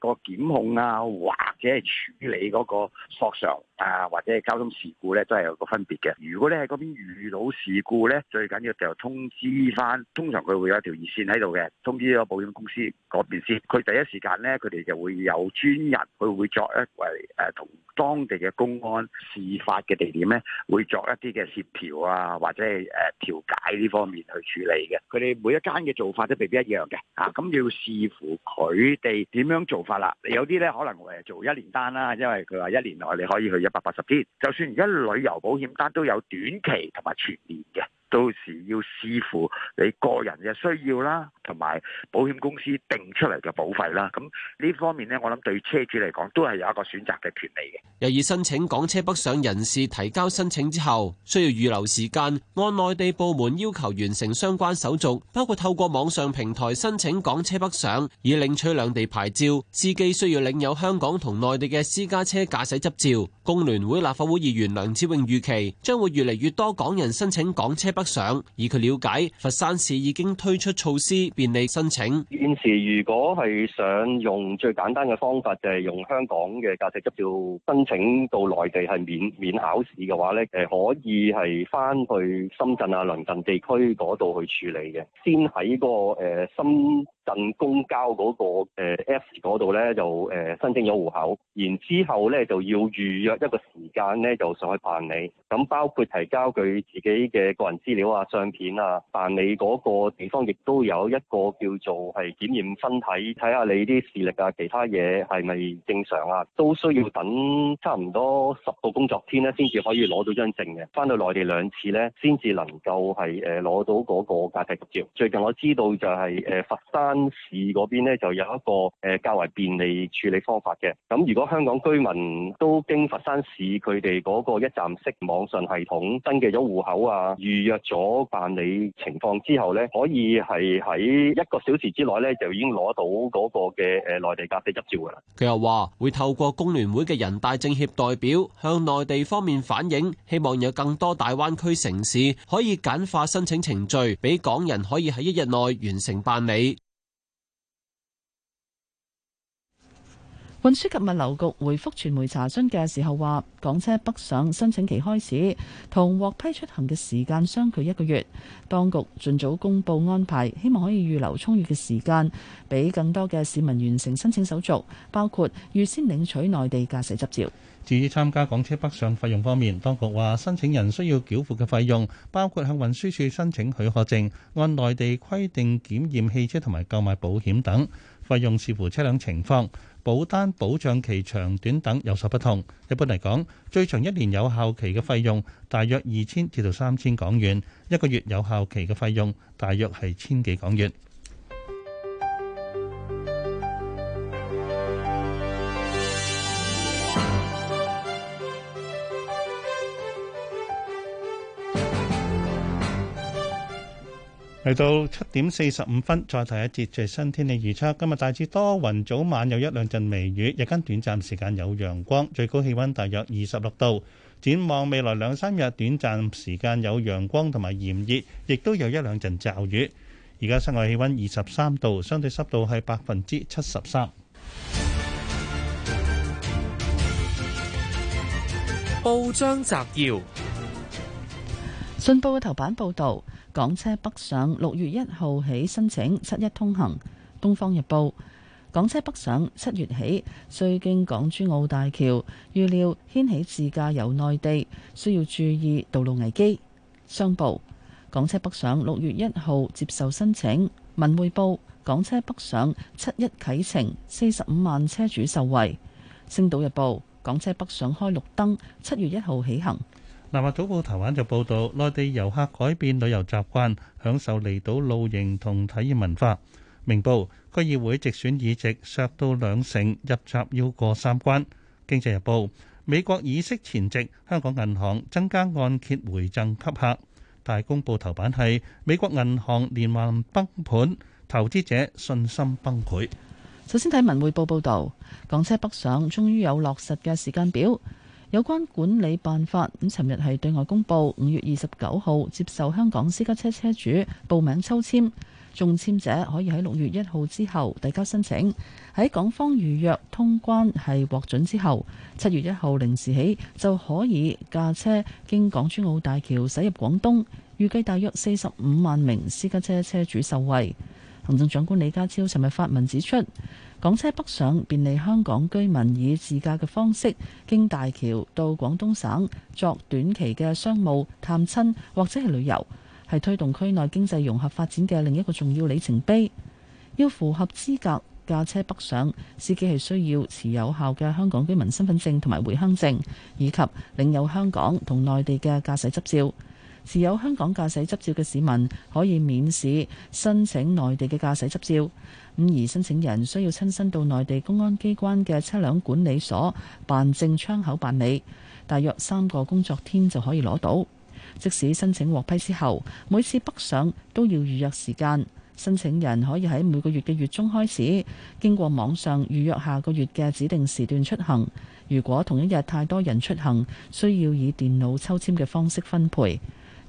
Speaker 15: 個檢控啊，或者係處理嗰個索償啊，或者係交通事故咧，都係有個分別嘅。如果你喺嗰邊遇到事故咧，最緊要就通知翻，通常佢會有一條熱線喺度嘅，通知個保險公司嗰邊先。佢第一時間咧，佢哋就會有專人，佢會作一為誒同當地嘅公安事發嘅地點咧，會作一啲嘅協調啊，或者係誒調解呢方面去處理嘅。佢哋每一間嘅做法都未必，必一樣嘅，啊咁要視乎佢哋點樣做。你有啲咧可能誒做一年單啦，因為佢話一年內你可以去一百八十天，就算而家旅遊保險單都有短期同埋全年嘅。 到時要視乎你個人嘅需要啦，同埋保險公司定出嚟嘅保費啦。咁呢方面呢，我諗對車主嚟講都係有一個選擇嘅權利嘅。
Speaker 14: 有意申請港車北上人士提交申請之後，需要預留時間，按內地部門要求完成相關手續，包括透過網上平台申請港車北上，以領取兩地牌照。司機需要領有香港同內地嘅私家車駕駛執照。工聯會立法會議員梁志穎預期，將會越嚟越多港人申請港車上以佢了解，佛山市已經推出措施便利申請。現時
Speaker 1: 如果係想用最簡單嘅方法，就係用香港嘅駕駛執照申請到內地係免免考試嘅話咧，誒可以係翻去深圳啊鄰近地區嗰度去處理嘅，先喺個誒深。近公交嗰、那個誒、呃、Apps 嗰度咧就誒、呃、申請咗戶口，然之後咧就要預約一個時間咧就上去辦理。咁包括提交佢自己嘅個人資料啊、相片啊，辦理嗰個地方亦都有一個叫做係檢驗身體，睇下你啲視力啊、其他嘢係咪正常啊，都需要等差唔多十個工作天咧先至可以攞到張證嘅。翻到內地兩次咧，先至能夠係誒攞到嗰個駕駛執照。最近我知道就係、是、誒、呃、佛山。市嗰邊咧就有一個誒較為便利處理方法嘅。咁如果香港居民都經佛山市佢哋嗰個一站式網上系統登記咗戶口啊，預約咗辦理情況之後咧，可以係喺一個小時之內咧就已經攞到嗰個嘅誒內地駕駛執照噶啦。
Speaker 14: 佢又話會透過工聯會嘅人大政協代表向內地方面反映，希望有更多大灣區城市可以簡化申請程序，俾港人可以喺一日內完成辦理。
Speaker 3: 運輸及物流局回覆傳媒查詢嘅時候話，港車北上申請期開始同獲批出行嘅時間相距一個月，當局盡早公布安排，希望可以預留充裕嘅時間，俾更多嘅市民完成申請手續，包括預先領取內地駕駛執照。至於參
Speaker 4: 加港車北上費用方面，當局話申請人需要繳付嘅費用包括向運輸署申請許可證、按內地規定檢驗汽車同埋購買保險等，費用視乎車輛情況。保單保障期長短等有所不同。一般嚟講，最長一年有效期嘅費用大約二千至到三千港元，一個月有效期嘅費用大約係千幾港元。嚟到七點四十五分，再睇一節最新天氣預測。今日大致多雲，早晚有一兩陣微雨，日間短暫時間有陽光，最高氣溫大約二十六度。展望未來兩三日，短暫時間有陽光同埋炎熱，亦都有一兩陣驟雨。而家室外氣溫二十三度，相對濕度係百分之
Speaker 3: 七十三。
Speaker 7: 報章摘要：
Speaker 3: 《信報》嘅頭版報道。港車北上六月一號起申請七一通行。《東方日報》港車北上七月起需經港珠澳大橋，預料掀起自駕遊內地需要注意道路危機。《商報》港車北上六月一號接受申請。《文匯報》港車北上七一啓程，四十五萬車主受惠。《星島日報》港車北上開綠燈，七月一號起行。
Speaker 4: 南華早報頭版就報導，內地遊客改變旅遊習慣，享受離島露營同體驗文化。《明報》區議會直選議席削到兩成，入閘要過三關。《經濟日報》美國議息前夕，香港銀行增加按揭回贈給客。《大公報》頭版係美國銀行連環崩盤，投資者信心崩潰。
Speaker 3: 首先睇文匯報報道，港車北上終於有落實嘅時間表。有關管理辦法咁，尋日係對外公佈，五月二十九號接受香港私家車車主報名抽籤，中籤者可以喺六月一號之後遞交申請，喺港方預約通關係獲准之後，七月一號零時起就可以駕車經港珠澳大橋駛入廣東，預計大約四十五萬名私家車車主受惠。行政長官李家超尋日發文指出，港車北上便利香港居民以自駕嘅方式經大橋到廣東省作短期嘅商務探親或者係旅遊，係推動區內經濟融合發展嘅另一個重要里程碑。要符合資格駕車北上，司機係需要持有效嘅香港居民身份證同埋回鄉證，以及領有香港同內地嘅駕駛執照。持有香港駕駛執照嘅市民可以免試申請內地嘅駕駛執照。咁而申請人需要親身到內地公安機關嘅車輛管理所辦證窗口辦理，大約三個工作天就可以攞到。即使申請獲批之後，每次北上都要預約時間。申請人可以喺每個月嘅月中開始，經過網上預約下個月嘅指定時段出行。如果同一日太多人出行，需要以電腦抽籤嘅方式分配。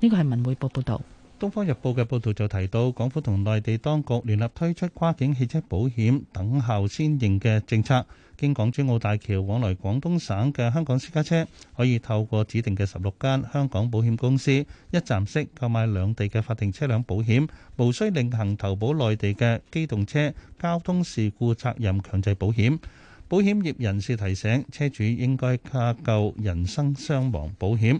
Speaker 3: 呢個係文匯報報導，
Speaker 4: 《東方日報》嘅報導就提到，港府同內地當局聯合推出跨境汽車保險等效先認嘅政策，經港珠澳大橋往來廣東省嘅香港私家車可以透過指定嘅十六間香港保險公司一站式購買兩地嘅法定車輛保險，無需另行投保內地嘅機動車交通事故責任強制保險。保險業人士提醒，車主應該加購人身傷亡保險。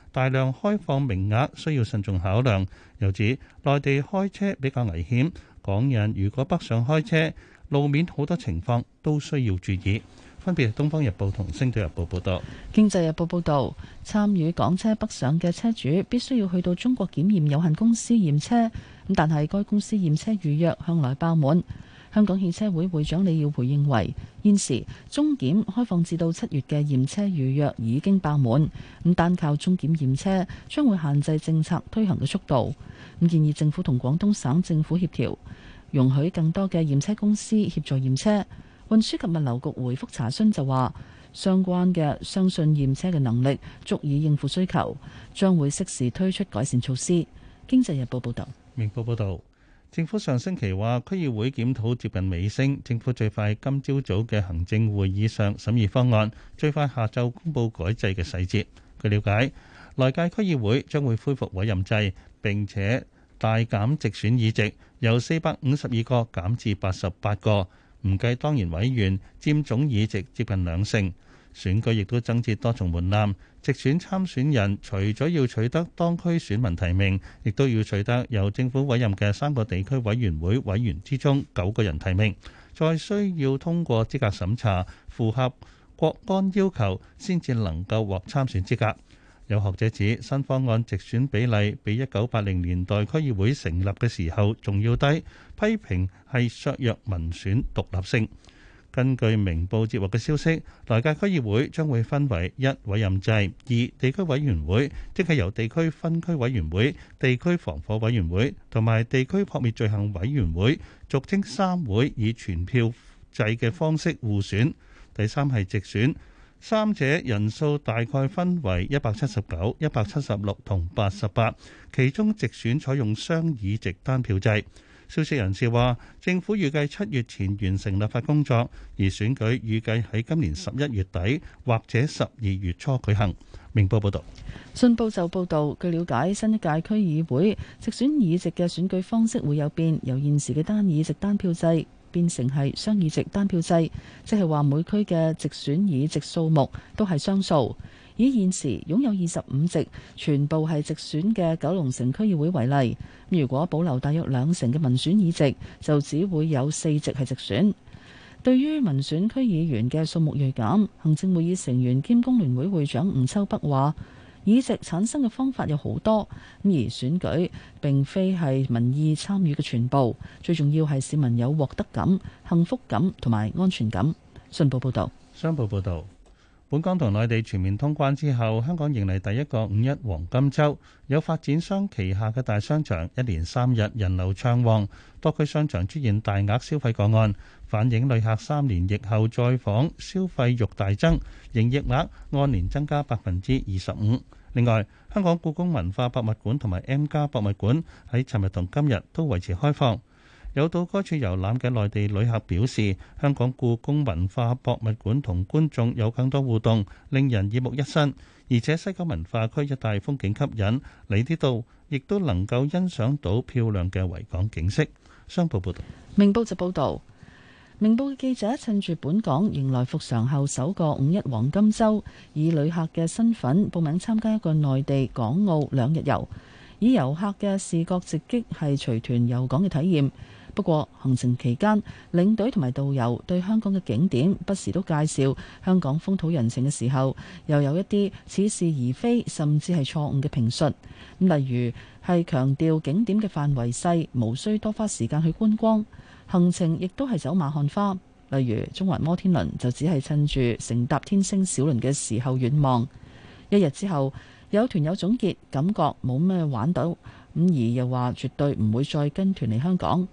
Speaker 4: 大量開放名額需要慎重考量，又指內地開車比較危險，港人如果北上開車，路面好多情況都需要注意。分別《東方日報》同《星島日報》報導，《
Speaker 3: 經濟日報》報導，參與港車北上嘅車主必須要去到中國檢驗有限公司驗車，咁但係該公司驗車預約向來爆滿。香港汽車會會長李耀培認為，現時中檢開放至到七月嘅驗車預約已經爆滿，咁單靠中檢驗車將會限制政策推行嘅速度，建議政府同廣東省政府協調，容許更多嘅驗車公司協助驗車。運輸及物流局回覆查詢就話，相關嘅相信驗車嘅能力足以應付需求，將會適時推出改善措施。經濟日報報道。
Speaker 4: 明報報導。政府上星期話，區議會檢討接近尾聲，政府最快今朝早嘅行政會議上審議方案，最快下晝公布改制嘅細節。據了解，來屆區議會將會恢復委任制，並且大減直選議席，由四百五十二個減至八十八個，唔計當然委員，佔總議席接近兩成。選舉亦都增設多重門檻。直選參選人除咗要取得當區選民提名，亦都要取得由政府委任嘅三個地區委員會委員之中九個人提名，再需要通過資格審查，符合國安要求，先至能夠獲參選資格。有學者指新方案直選比例比一九八零年代區議會成立嘅時候仲要低，批評係削弱民選獨立性。根據明報接獲嘅消息，來屆區議會將會分為一委任制、二地區委員會，即係由地區分區委員會、地區防火委員會同埋地區撲滅罪行委員會，俗稱三會以全票制嘅方式互選。第三係直選，三者人數大概分為一百七十九、一百七十六同八十八，其中直選採用雙議席單票制。消息人士話，政府預計七月前完成立法工作，而選舉預計喺今年十一月底或者十二月初舉行。明報報道。
Speaker 3: 信報就報導，據了解，新一屆區議會直選議席嘅選舉方式會有變，由現時嘅單議席單票制變成係雙議席單票制，即係話每區嘅直選議席數目都係雙數。以現時擁有二十五席，全部係直選嘅九龍城區議會為例，如果保留大約兩成嘅民選議席，就只會有四席係直選。對於民選區議員嘅數目銳減，行政會議成員兼工聯會會長吳秋北話：議席產生嘅方法有好多，而選舉並非係民意參與嘅全部，最重要係市民有獲得感、幸福感同埋安全感。信報報導，商報報導。
Speaker 4: 本港同內地全面通關之後，香港迎嚟第一個五一黃金週，有發展商旗下嘅大商場一連三日人流暢旺，多區商場出現大額消費個案，反映旅客三年疫後再訪消費慾大增，營業額按年增加百分之二十五。另外，香港故宮文化博物館同埋 M 加博物館喺尋日同今日都維持開放。有到該處遊覽嘅內地旅客表示，香港故宮文化博物館同觀眾有更多互動，令人耳目一新。而且西九文化區一帶風景吸引，嚟呢度亦都能夠欣賞到漂亮嘅維
Speaker 3: 港景色。商報報道，明報就報道，明報嘅記者趁住本港迎來復常後首個五一黃金週，以旅客嘅身份報名參加一個內地港澳兩日遊，以遊客嘅視覺直擊係隨團遊港嘅體驗。不過行程期間，領隊同埋導遊對香港嘅景點不時都介紹香港風土人情嘅時候，又有一啲似是而非，甚至係錯誤嘅評述。例如係強調景點嘅範圍細，無需多花時間去觀光。行程亦都係走馬看花，例如中環摩天輪就只係趁住乘搭天星小輪嘅時候遠望。一日之後，有團友總結感覺冇咩玩到咁，而又話絕對唔會再跟團嚟香港。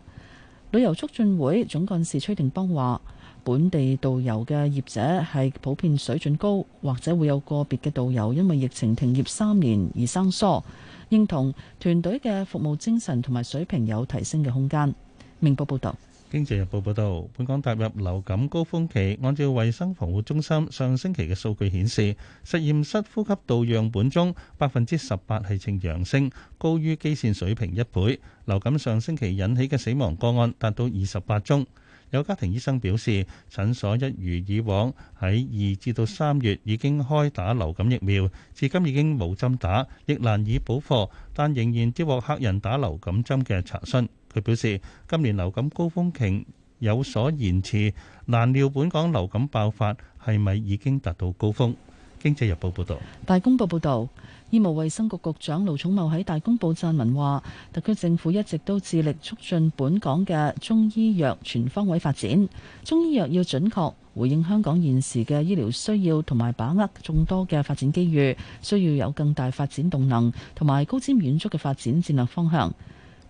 Speaker 3: 旅遊促進會總幹事崔定邦話：本地導遊嘅業者係普遍水準高，或者會有個別嘅導遊因為疫情停業三年而生疏，認同團隊嘅服務精神同埋水平有提升嘅空間。明報報道。
Speaker 4: 經濟日報報導，本港踏入流感高峰期。按照衞生防護中心上星期嘅數據顯示，實驗室呼吸道樣本中百分之十八係呈陽性，高於基線水平一倍。流感上星期引起嘅死亡個案達到二十八宗。有家庭醫生表示，診所一如以往喺二至到三月已經開打流感疫苗，至今已經冇針打，亦難以補貨，但仍然接獲客人打流感針嘅查詢。佢表示，今年流感高峰期有所延遲，難料本港流感爆發係咪已經達到高峰。經濟日報報道，
Speaker 3: 大公報報道，醫務衛生局局長盧寵茂喺大公報撰文話，特區政府一直都致力促進本港嘅中醫藥全方位發展。中醫藥要準確回應香港現時嘅醫療需要，同埋把握眾多嘅發展機遇，需要有更大發展動能，同埋高瞻遠矚嘅發展戰略方向。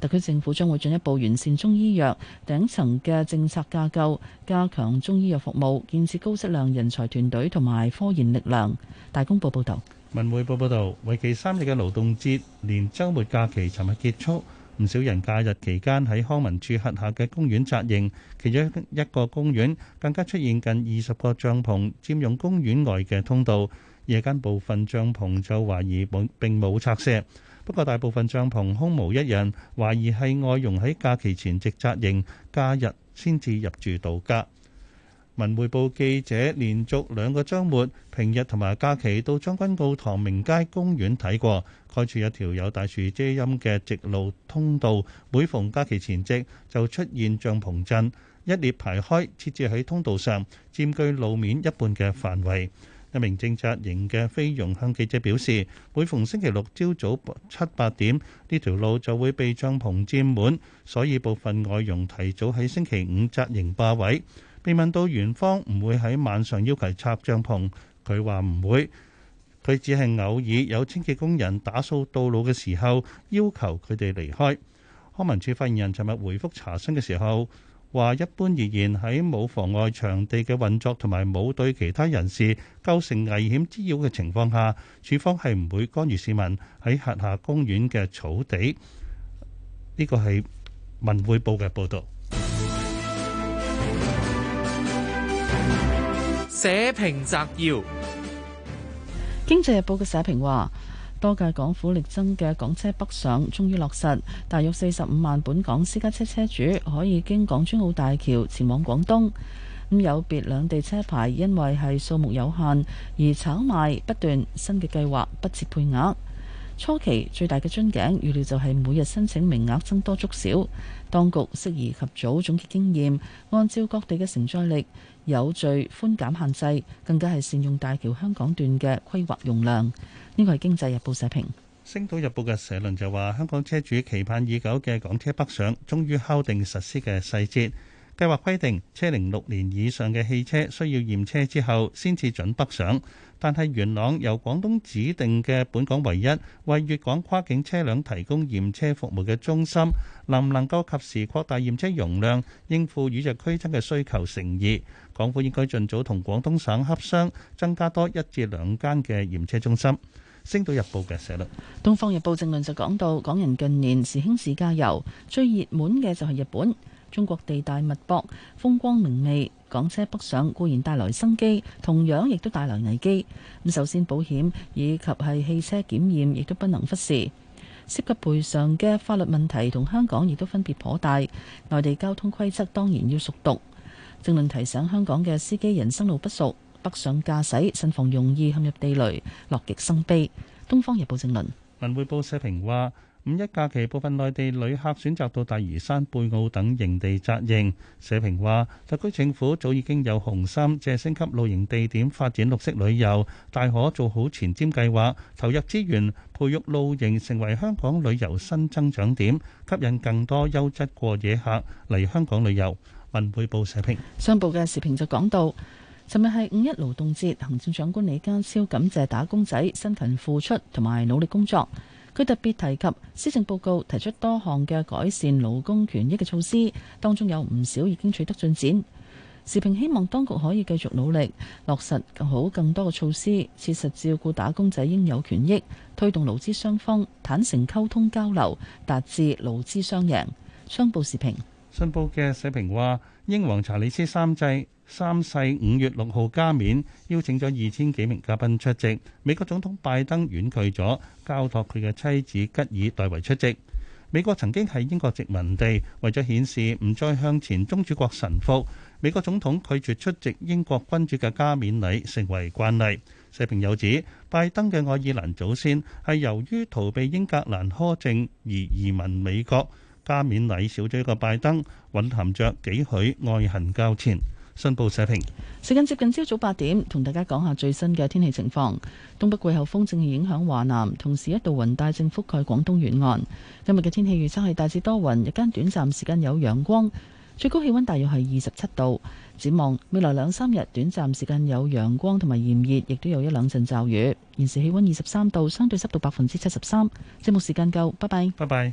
Speaker 3: 特區政府將會進一步完善中醫藥頂層嘅政策架構，加強中醫藥服務，建設高質量人才團隊同埋科研力量。大公報報導，文匯報報
Speaker 4: 導，為期三日嘅勞動節連週末假期，尋日結束，唔少人假日期間喺康文署轄下嘅公園紮營，其中一個公園更加出現近二十個帳篷，佔用公園外嘅通道。夜間部分帳篷就懷疑冇並冇拆卸。不過，大部分帳篷空無一人，懷疑係外傭喺假期前夕紮營，假日先至入住度假。文匯報記者連續兩個週末平日同埋假期到將軍澳唐明街公園睇過，蓋住一條有大樹遮陰嘅直路通道，每逢假期前夕就出現帳篷陣，一列排開，設置喺通道上，佔據路面一半嘅範圍。一名正紮營嘅菲傭向記者表示，每逢星期六朝早七八點，呢條路就會被帳篷佔滿，所以部分外傭提早喺星期五紮營霸位。被問到園方唔會喺晚上要求拆帳篷，佢話唔會，佢只係偶爾有清潔工人打掃道路嘅時候要求佢哋離開。康文署發言人尋日回覆查詢嘅時候。話一般而言，喺冇妨礙場地嘅運作，同埋冇對其他人士構成危險滋擾嘅情況下，署方係唔會干預市民喺轄下公園嘅草地。呢個係
Speaker 3: 文匯報嘅報道。
Speaker 7: 社評摘要：
Speaker 3: 經濟日報嘅社評話。多屆港府力爭嘅港車北上終於落實，大約四十五萬本港私家車車主可以經港珠澳大橋前往廣東。咁有別兩地車牌，因為係數目有限而炒賣不斷，新嘅計劃不設配額。初期最大嘅樽頸預料就係每日申請名額增多足少，當局適宜及早總結經驗，按照各地嘅承載力有序、寬減限制，更加係善用大橋香港段嘅規劃容量。呢個係《經濟日報》社評，
Speaker 4: 《星島日報》嘅社論就話：香港車主期盼已久嘅港車北上，終於敲定實施嘅細節。計劃規定，車齡六年以上嘅汽車需要驗車之後，先至準北上。但係元朗由廣東指定嘅本港唯一為粵港跨境車輛提供驗車服務嘅中心，能唔能夠及時擴大驗車容量，應付與日俱增嘅需求成疑。港府應該盡早同廣東省洽商，增加多一至兩間嘅驗車中心。《星島日報》嘅社論，
Speaker 3: 《東方日報》正論就講到，港人近年時興時加油，最熱門嘅就係日本。中國地大物博，風光明媚，港車北上固然帶來生機，同樣亦都帶來危機。咁首先保險以及係汽車檢驗，亦都不能忽視。涉及賠償嘅法律問題同香港亦都分別頗大。內地交通規則當然要熟讀。正論提醒香港嘅司機，人生路不熟。想駕駛，慎防容易陷入地雷，樂極生悲。東方日報正論：
Speaker 4: 文匯報社評話五一假期部分內地旅客選擇到大嶼山、貝澳等營地紮營。社評話特區政府早已經有雄心，借升級露營地點發展綠色旅遊，大可做好前瞻計劃，投入資源培育露營，成為香港旅遊新增長點，吸引更多優質過夜客嚟香港旅遊。文匯報社評。
Speaker 3: 商報嘅時評就講到。尋日係五一勞動節，行政長官李家超感謝打工仔辛勤付出同埋努力工作。佢特別提及施政報告提出多項嘅改善勞工權益嘅措施，當中有唔少已經取得進展。時評希望當局可以繼續努力，落實更好更多嘅措施，切實照顧打工仔應有權益，推動勞資雙方坦誠溝通交流，達至勞資雙贏。商報時評，
Speaker 4: 信報嘅社評話：英皇查理斯三世。三世五月六號加冕，邀請咗二千幾名嘉賓出席。美國總統拜登婉拒咗，交託佢嘅妻子吉爾代為出席。美國曾經係英國殖民地，為咗顯示唔再向前宗主國臣服，美國總統拒絕出席英國君主嘅加冕禮，成為慣例。社評又指，拜登嘅愛爾蘭祖先係由於逃避英格蘭苛政而移民美國，加冕禮少咗一個拜登，隱含着幾許愛恨交纏。新報社評，
Speaker 3: 時間接近朝早八點，同大家講下最新嘅天氣情況。東北季候風正影響華南，同時一道雲帶正覆蓋廣東沿岸。今日嘅天氣預測係大致多雲，日間短暫時間有陽光，最高氣溫大約係二十七度。展望未來兩三日，短暫時間有陽光同埋炎熱，亦都有一兩陣驟雨。現時氣溫二十三度，相對濕度百分之七十三。節目時間夠，拜拜。拜拜。